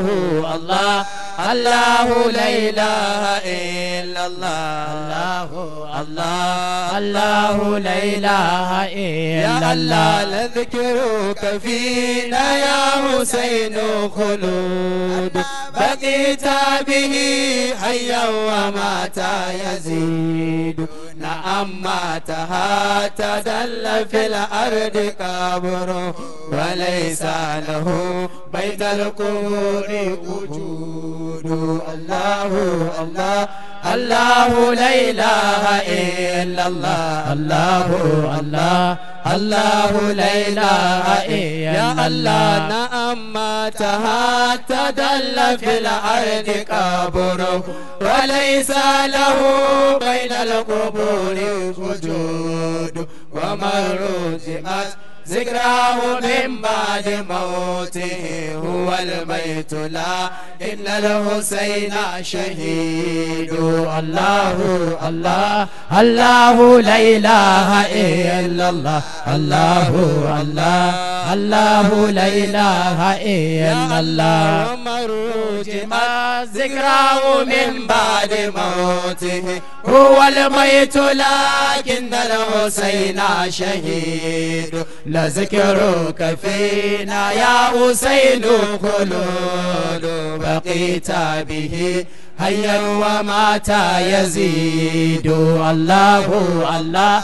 الله الله لا إله إلا الله الله الله لا إله إلا الله لذكرك فينا يا حسين خلود بقيت به حيا ومات يزيد نعم ماتها تدل في الأرض قبر وليس له بيت القبور وجود الله الله الله لا إله إلا الله الله الله الله لا إله إلا الله, الله نعم ماتها تدل في الارض قبره وليس له بين القبور وجود ومن رزقت ذكراه من بعد موته هو الميت لا إن الحسين شهيد الله الله الله لا إله إلا الله الله الله الله لا إله إلا الله ذكره ذكراه من بعد موته هو الميت لكن الحسين شهيد لذكرك فينا يا أسيد خلود بقيت به هيا ومات يزيد الله الله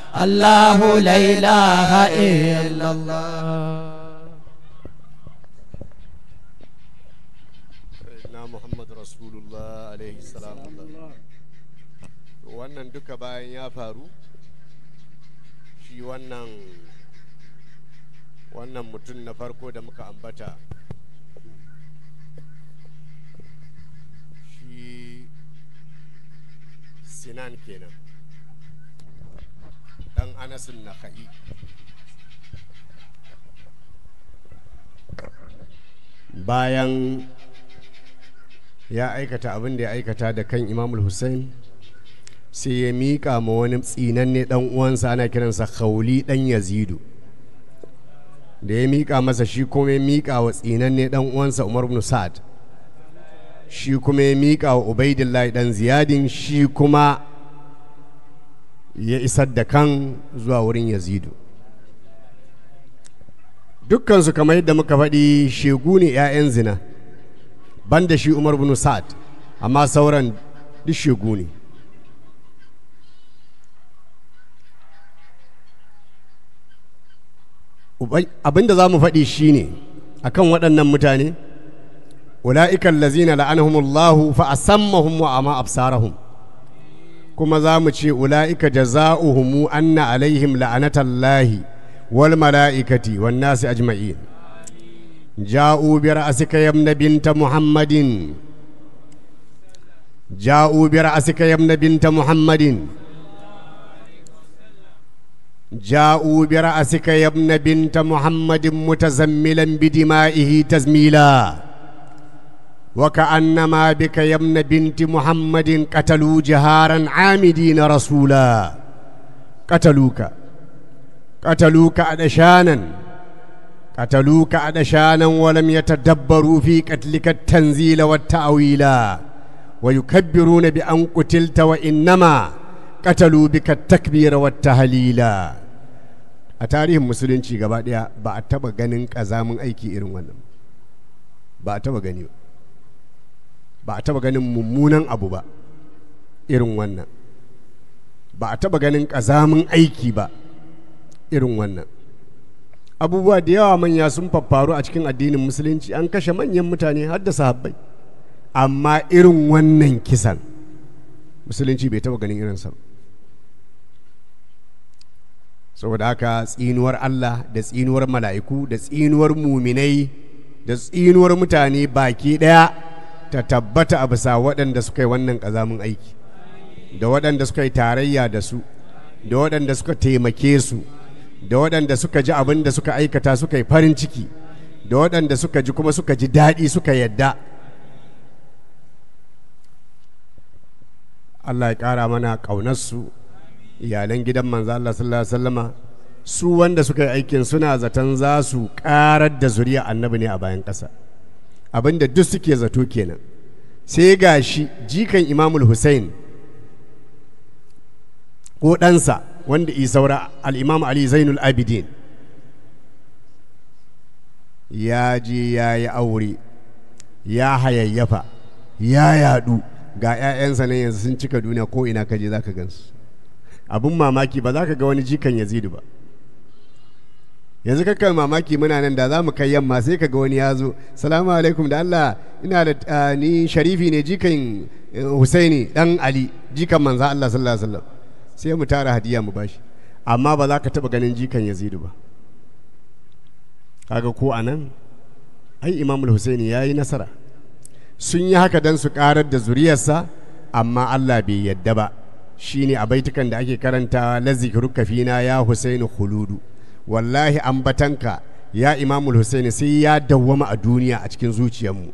الله لا إله إلا الله wannan duka bayan ya faru shi wannan wannan mutum na farko da muka ambata shi sinan kenan dan anasin na ka'i bayan ya aikata abin da ya aikata da kan imamul hussein sai ya miƙa ma wani tsinanne ɗan uwansa ana kiransa hauli ɗan yazidu da ya miƙa masa shi kuma ya miƙa wa tsinanne ɗan uwansa umar ibn sa'ad shi kuma ya miƙa wa ubaidillahi ɗan ziyadin shi kuma ya isar da kan zuwa wurin yazidu dukkansu kamar yadda muka faɗi shegu ne 'ya'yan zina ban da shi umar bin sa'ad amma sauran duk shegu ne abinda za mu faɗi shi ne a kan waɗannan mutane ula'ikan lazina la'anahumullahu fa asammahum wa amma absarahum kuma za mu ce ula'ika jaza'uhumu anna alaihim la'anatallahi wal mala'ikati wan nasi ajma'in ja'u bi ra'sika yamna binta muhammadin ja'u bi ra'sika yamna binta muhammadin ja'u bi ra'sika yamna binta muhammadin mutazammilan bidima'ihi tazmila وكأنما بك يا ابن بنت محمد قتلوا جهارا عامدين رسولا قتلوك قتلوك أدشانا قتلوك أدشانا ولم يتدبروا في قتلك التنزيل والتأويلا ويكبرون بأن قتلت وإنما قتلوا بك التكبير والتهليلا أتاريهم مسلمين شي غبا ba a taba ganin kazamin aiki irin wannan ba a taba gani ba ba a taba ganin mummunan abu ba irin wannan ba a taba ganin ƙazamin aiki ba irin wannan abubuwa da yawa manya sun faffaru a cikin addinin musulunci an kashe manyan mutane har da sahabbai amma irin wannan kisan musulunci bai taba ganin irinsa ba saboda haka tsinuwar Allah da tsinuwar mala'iku da tsinuwar muminai da tsinuwar mutane baki ɗaya ta tabbata a bisa waɗanda suka yi wannan ƙazamin aiki da waɗanda suka yi tarayya da su da waɗanda suka taimake su da waɗanda suka ji abin da suka aikata suka yi farin ciki da waɗanda suka ji kuma suka ji daɗi suka yadda Allah ya ƙara mana ƙaunarsu iyalan gidan manza Allah sallallahu alaihi wasallama su wanda suka yi aikin suna zaton za su ƙarar da zuriya annabi ne a bayan ƙasa abinda duk suke zato kenan sai ga shi jikan imamul hussein ko ɗansa wanda isaura al'imam ali zainul abidin ya je ya yi aure ya hayayyafa ya yadu ga 'ya'yansa na yanzu sun cika duniya ko ina kaje za ka gansu abin mamaki ba za ka ga wani jikan yazidu ba yanzu kakar mamaki muna nan da za mu kai yamma sai ka ga wani ya zo salamu alaikum da Allah ina da ni sharifi ne jikan eh, husaini dan ali jikan manza Allah sallallahu alaihi wasallam sai mu tara hadiya mu bashi amma ba za ka taba ganin jikan yazidu ba kaga ko anan ai imamul husaini ya yi nasara sun yi haka dan su karar da zuriyarsa amma Allah bai yadda ba shine a baitukan da ake karantawa la fina ya husainu khuludu wallahi ambatanka ya imamul husaini sai ya dawwama a duniya a cikin zuciyarmu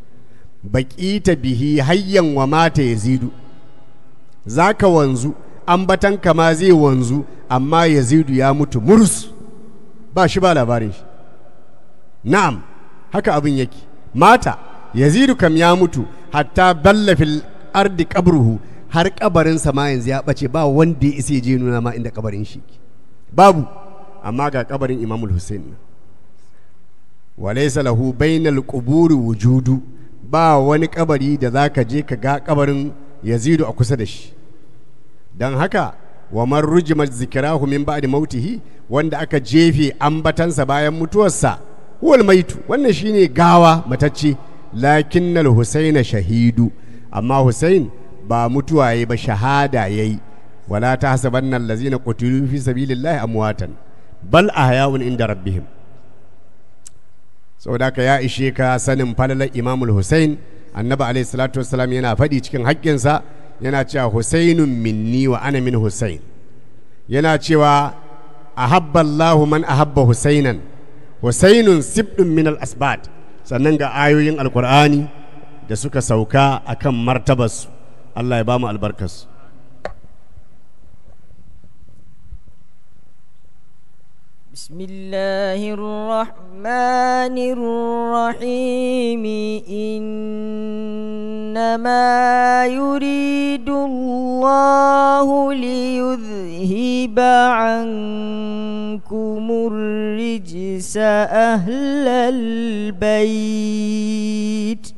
ta bihi hayyan wa mata yazidu zaka wanzu ambatanka ma zai wanzu amma yazidu ya mutu murus ba shi ba labarin shi na'am haka abin yake mata yazidu kam ya mutu hatta balla fil ardi qabruhu har ƙabarinsa ma yanzu ya bace ba wanda ya isa je nuna ma inda kabarin shi babu amma ga kabarin imamul hussein walaisa salahu bainal kuburi wujudu ba wani kabari da zaka je ka ga kabarin yazidu a kusa da shi don haka wa man rujima zikirahu min ba'di mautihi wanda aka jefe ambatansa bayan mutuwarsa huwal maitu wannan shine gawa matacce lakinnal husaina shahidu amma husain ba mutuwaye ba shahada yayi wala ta hasabanna allazina qutilu fi sabilillahi amwatan bal ahyawun inda rabbihim saboda ka ya ishe ka sanin falalar Imam hussein annabi alaihi salatu yana faɗi cikin haƙƙinsa yana cewa husainun minni wa ana min husain yana cewa ahabba allahu man ahabba husainan husainun sibdun min al-asbat sannan ga ayoyin alkur'ani da suka sauka akan martabarsu Allah ya ba mu albarkarsu بسم الله الرحمن الرحيم إنما يريد الله ليذهب عنكم الرجس أهل البيت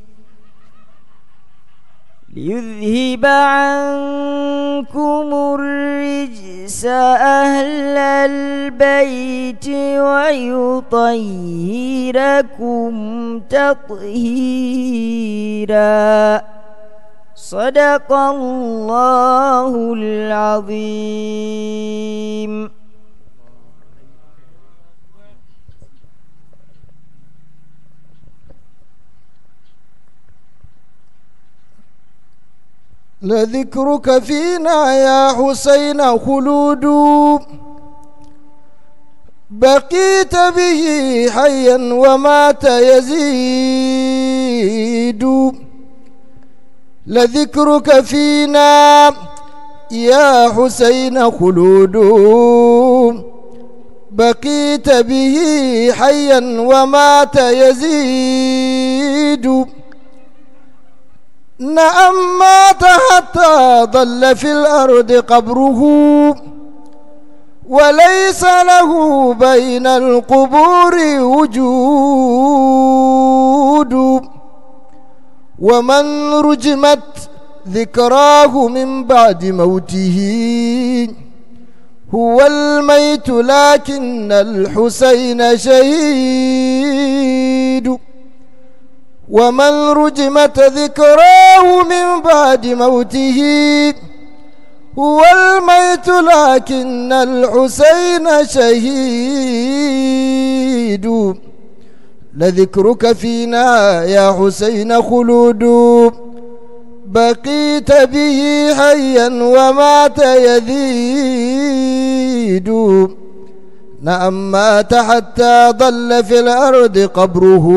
ليذهب عنكم الرجس أهل البيت ويطهركم تطهيرا صدق الله العظيم لذكرك فينا يا حسين خلود بقيت به حيا ومات يزيد لذكرك فينا يا حسين خلود بقيت به حيا ومات يزيد نعم مات حتى ظل في الأرض قبره وليس له بين القبور وجود ومن رجمت ذكراه من بعد موته هو الميت لكن الحسين شهيد ومن رجمت ذكراه من بعد موته هو الميت لكن الحسين شهيد لذكرك فينا يا حسين خلود بقيت به حيا ومات يزيد نعم مات حتى ضل في الأرض قبره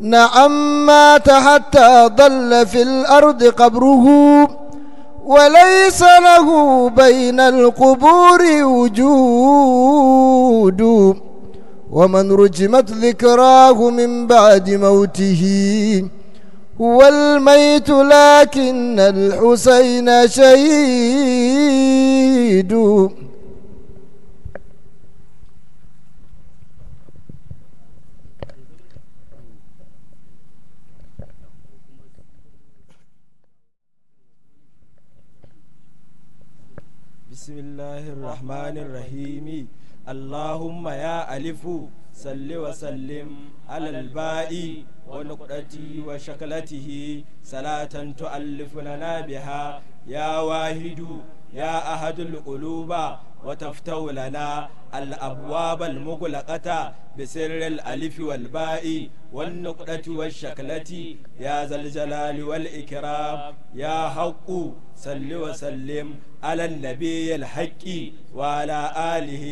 نعم مات حتى ضل في الأرض قبره وليس له بين القبور وجود ومن رجمت ذكراه من بعد موته هو الميت لكن الحسين شهيد الرحمن الرحيم اللهم يا ألف صل وسلم على البائي ونقرتي وشكلته صلاة تؤلف لنا بها يا واحد يا أحد القلوب وتفتو لنا الأبواب المغلقة بسر الألف والباء والنقرة والشكلة يا ذا الجلال والإكرام يا حق صل وسلم على النبي الحق وعلى آله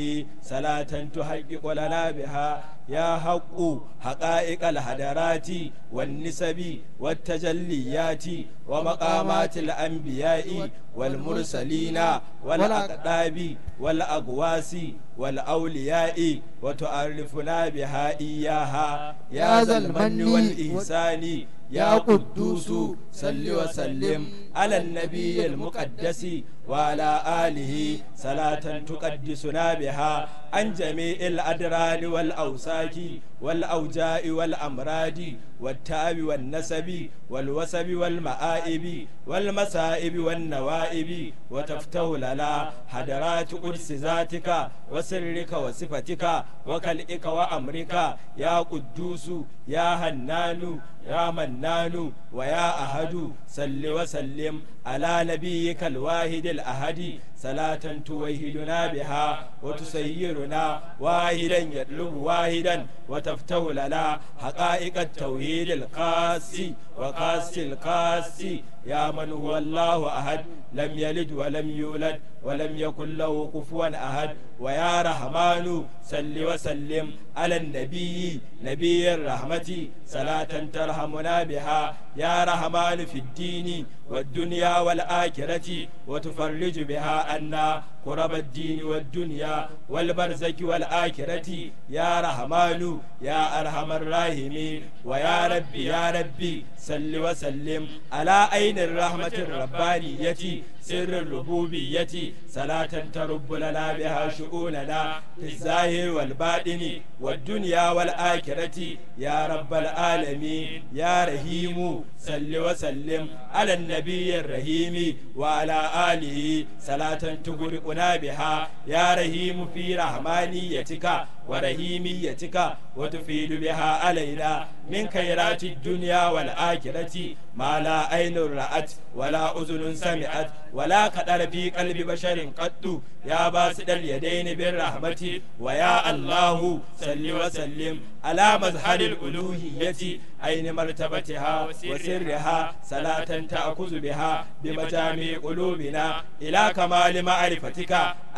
صلاة تحقق لنا بها يا حق حقائق الهدرات والنسب والتجليات ومقامات الأنبياء والمرسلين والأقداب والأقواس والأولياء وتعرفنا بها إياها يا ذا المن والإحسان يا قدوس صل وسلم على النبي المقدس وعلى آله صلاة تقدسنا بها عن جميع الأدران والأوساك والأوجاء والأمراض والتاب والنسب والوسب والمآئب والمسائب والنوائب وتفتح لنا حضرات قدس ذاتك وسرك وصفتك وكلئك وأمرك يا قدوس يا هنان يا منان ويا أحد سل وسلم على نبيك الواحد الأحد صلاة توهدنا بها وتسيرنا واحدا يطلب واحدا وتفتح لنا حقائق التوحيد القاسي وقاسي القاسي يا من هو الله أحد لم يلد ولم يولد ولم يكن له كفوا أحد ويا رحمن سل وسلم على النبي نبي الرحمة صلاة ترحمنا بها يا رحمن في الدين والدنيا والآخرة وتفرج بها أن قرب الدين والدنيا والبرزك والآخرة يا رحمن يا أرحم الراحمين ويا ربي يا ربي صل وسلم على أين الرحمة الربانية سر الربوبية صلاة ترب لنا بها شؤوننا في الظاهر والباطن والدنيا والآخرة يا رب العالمين يا رحيم صل وسلم على النبي الرحيم وعلى آله صلاة تغرقنا بها يا رحيم في رحمانيتك ورهيميتك وتفيد بها علينا من خيرات الدنيا والآخرة ما لا عين رأت ولا أذن سمعت ولا خطر في قلب بشر قط يا باسط اليدين بالرحمة ويا الله صل وسلم على مظهر الألوهية أين مرتبتها وسرها صلاة تأخذ بها بمجامع قلوبنا إلى كمال معرفتك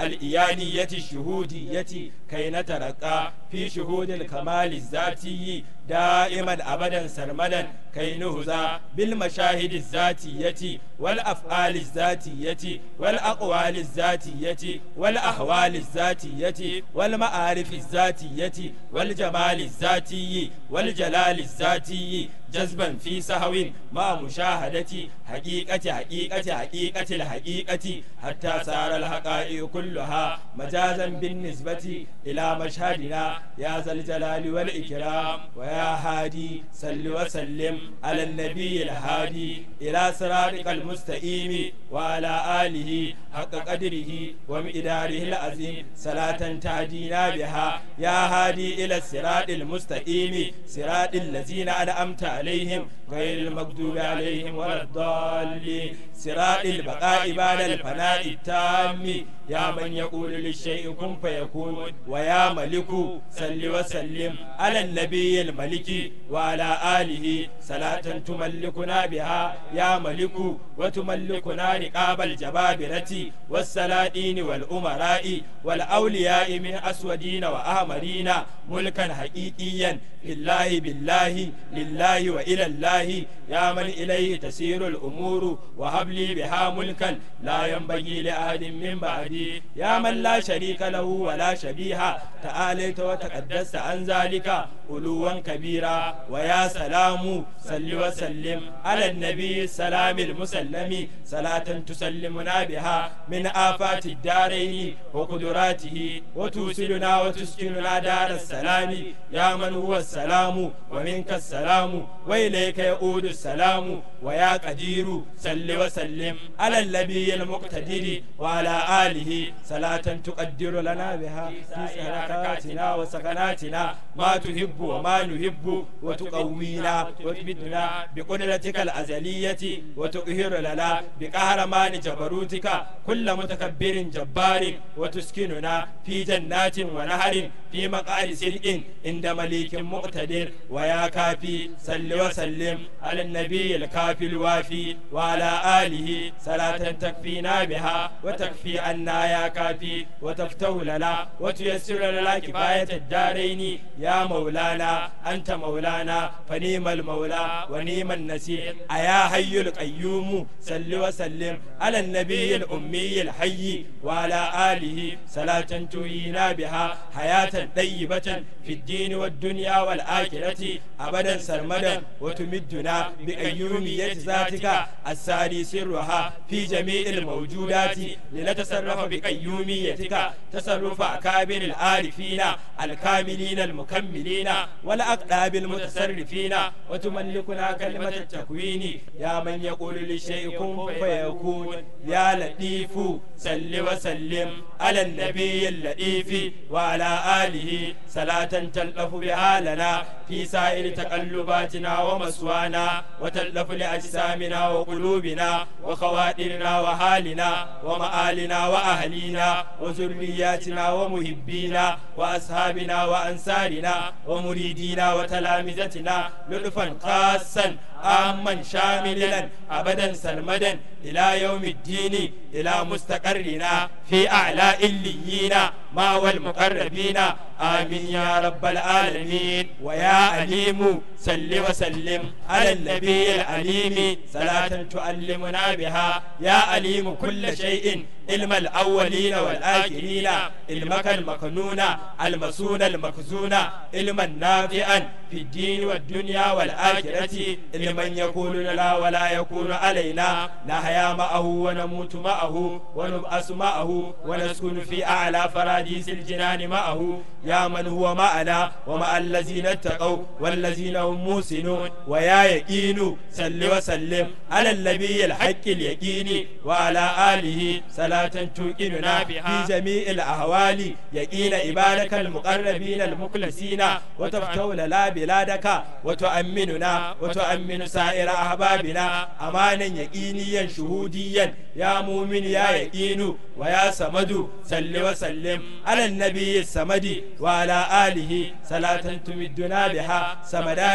الإيانية الشهودية كي نترك 啊。fi shuhudil kamali zatiyi da'iman abadan sarmadan kai nuhuza bil mashahidi zatiyati wal af'ali zatiyati wal aqwali zatiyati wal ahwali zatiyati wal ma'arifi zatiyati wal jamali zatiyi wal jalali yi jazban fi sahawin ma mushahadati haqiqati haqiqati haqiqati haqiqati hatta sara al haqa'i kulluha majazan bin nisbati ila mashhadina يا ذا الجلال والإكرام ويا هادي صل وسلم على النبي الهادي إلى صراطك المستقيم وعلى آله حق قدره ومقداره العظيم صلاة تهدينا بها يا هادي إلى الصراط المستقيم صراط الذين أنعمت عليهم غير المغضوب عليهم ولا الضالين صراط البقاء بعد الفناء التام يا من يقول للشيء كن فيكون ويا ملك سل وسلم على النبي الملك وعلى آله صلاة تملكنا بها يا ملك وتملكنا رقاب الجبابرة والسلاطين والأمراء والأولياء من أسودين وأحمرين ملكا حقيقيا لله بالله لله وإلى الله يا من إليه تسير الأمور وهب لي بها ملكا لا ينبغي لأحد من بعدي بيده يا من لا شريك له ولا شبيه تعاليت وتقدست عن ذلك علوا كبيرا ويا سلام صل وسلم على النبي السلام المسلم صلاة تسلمنا بها من آفات الدارين وقدراته وتوصلنا وتسكننا دار السلام يا من هو السلام ومنك السلام وإليك يؤود السلام ويا قدير صل وسلم على النبي المقتدر وعلى آله عليه صلاة تقدر لنا بها في حركاتنا وسكناتنا ما تهب وما نهب وتقوينا وتمدنا بقدرتك الأزلية وتقهر لنا بقهرمان جبروتك كل متكبر جبار وتسكننا في جنات ونهر في مقعد سرق عند مليك مقتدر ويا كافي صل وسلم على النبي الكافي الوافي وعلى آله صلاة تكفينا بها وتكفي عنا Allah ya kafi wata fita hulala ya sura lala baya taddare ni ya maulana anta maulana fa nimal maula wa niman nasi a ya hayyul qayyumu salli wa sallim ala nabiyil ummiyil hayyi wa ala alihi salatan tuyina biha hayatan dayyibatan fi dini wa dunya wal akhirati abadan sarmadan wa tumidduna bi ayyumi yajzatika as-sadi sirruha fi jami'il mawjudati lilatasarrafa بقيوميتك تصرف أكابر العارفين الكاملين المكملين والأقلاب المتصرفين وتملكنا كلمة التكوين يا من يقول لشيء كن فيكون يا لطيف سل وسلم على النبي اللطيف وعلى آله صلاة تلف بها لنا في سائر تقلباتنا ومسوانا وتلف لأجسامنا وقلوبنا وخواترنا وحالنا ومآلنا وآلنا وأهلينا وذرياتنا ومحبينا وأصحابنا وأنصارنا ومريدينا وتلامذتنا لطفا خاصا آمن شاملا أبدا سرمدا إلى يوم الدين إلى مستقرنا في أعلى إليين ما والمقربين آمين يا رب العالمين ويا أليم سل وسلم على النبي العليم صلاة تعلمنا بها يا أليم كل شيء علم الأولين والآخرين علمك المقنون المسون المخزون علما نافئا في الدين والدنيا والآخرة علم من يقول لنا ولا يكون علينا نحيا معه ونموت معه ونبأس معه ونسكن في أعلى فراديس الجنان معه يا من هو معنا ومع الذين اتقوا والذين هم موسنون ويا يقين سل وسلم على النبي الحق اليقين وعلى آله صلاة توقننا في جميع الأهوال يقين عبادك المقربين المخلصين وتفتول لا بلادك وتؤمننا وتؤمن min sa'ir ahbabina amanan yaqiniyan shuhudiyan ya mu'min ya yaqinu wa ya samadu salli wa sallim ala nabiyyi samadi wa ala alihi salatan tumidduna biha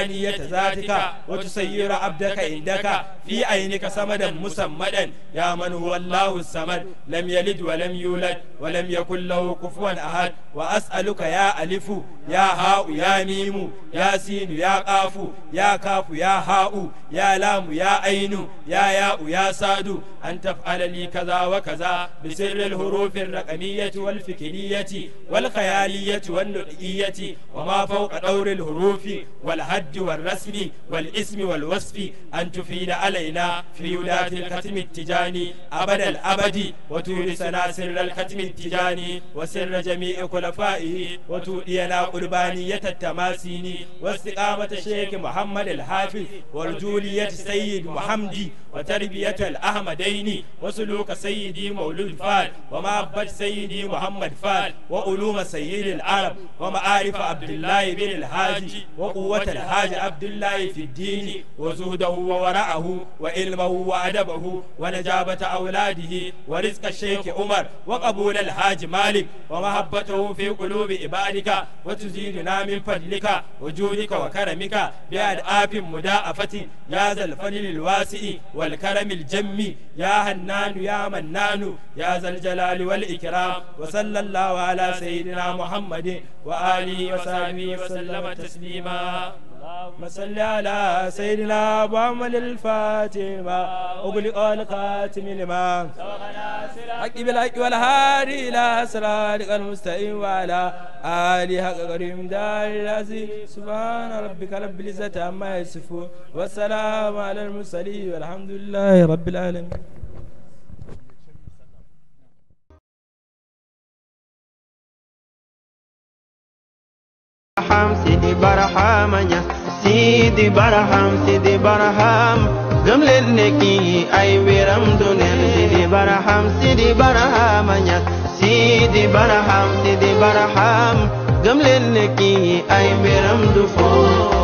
ya tazatika wa tusayyiru abdaka indaka fi ainika samadan musammadan ya man huwa samad lam yalid wa lam yulad wa lam yakul lahu kufuwan ahad wa as'aluka ya alifu ya ha'u ya mimu ya sinu ya qafu ya kafu ya ha'u ya'u ya lamu ya ainu ya ya'u ya sadu an taf'ala li kaza wa kaza bi sirril hurufin raqamiyyati wal fikriyati wal khayaliyati wan nudiyati wa ma fawqa dawril hurufi wal haddi wal rasmi wal ismi wal wasfi an tufida alaina fi yudatil khatmi tijani abadal abadi wa turisana sirral khatmi tijani wa sirra jami'i kulafaihi wa tudiyana qurbaniyata tamasini wa istiqamata shaykh muhammad al hafiz والجولية سيد محمدي وتربية الأحمدين وسلوك سيدي مولود فال ومعبد سيدي محمد فال وعلوم سيد العرب ومعارف عبد الله بن الهاجي وقوة الهاج عبد الله في الدين وزهده وورعه وعلمه وأدبه ونجابة أولاده ورزق الشيخ عمر وقبول الهاج مالك ومحبته في قلوب عبادك وتزيدنا من فضلك وجودك وكرمك بأدعاف مداعفة الرحمة يا ذا الفضل الواسع والكرم الجم يا هنان يا منان يا ذا الجلال والإكرام وصلى الله على سيدنا محمد وآله وصحبه وسلم تسليما اللهم صل على سيدنا محمد الفاتح ما أغلق الخاتم لما حق بالحق والهادي لا صراطك المستقيم وعلى آله حق قريم دار العزيز سبحان ربك رب العزة عما يصفون والسلام على المرسلين والحمد لله رب العالمين برحم سيدي برحم يا سيدي برحم سيدي برحم قم لنكي أي ويرم دونين سيدي برحم سيدي برحم يا سيدي برحم سيدي برحم قم لنكي أي ويرم دفور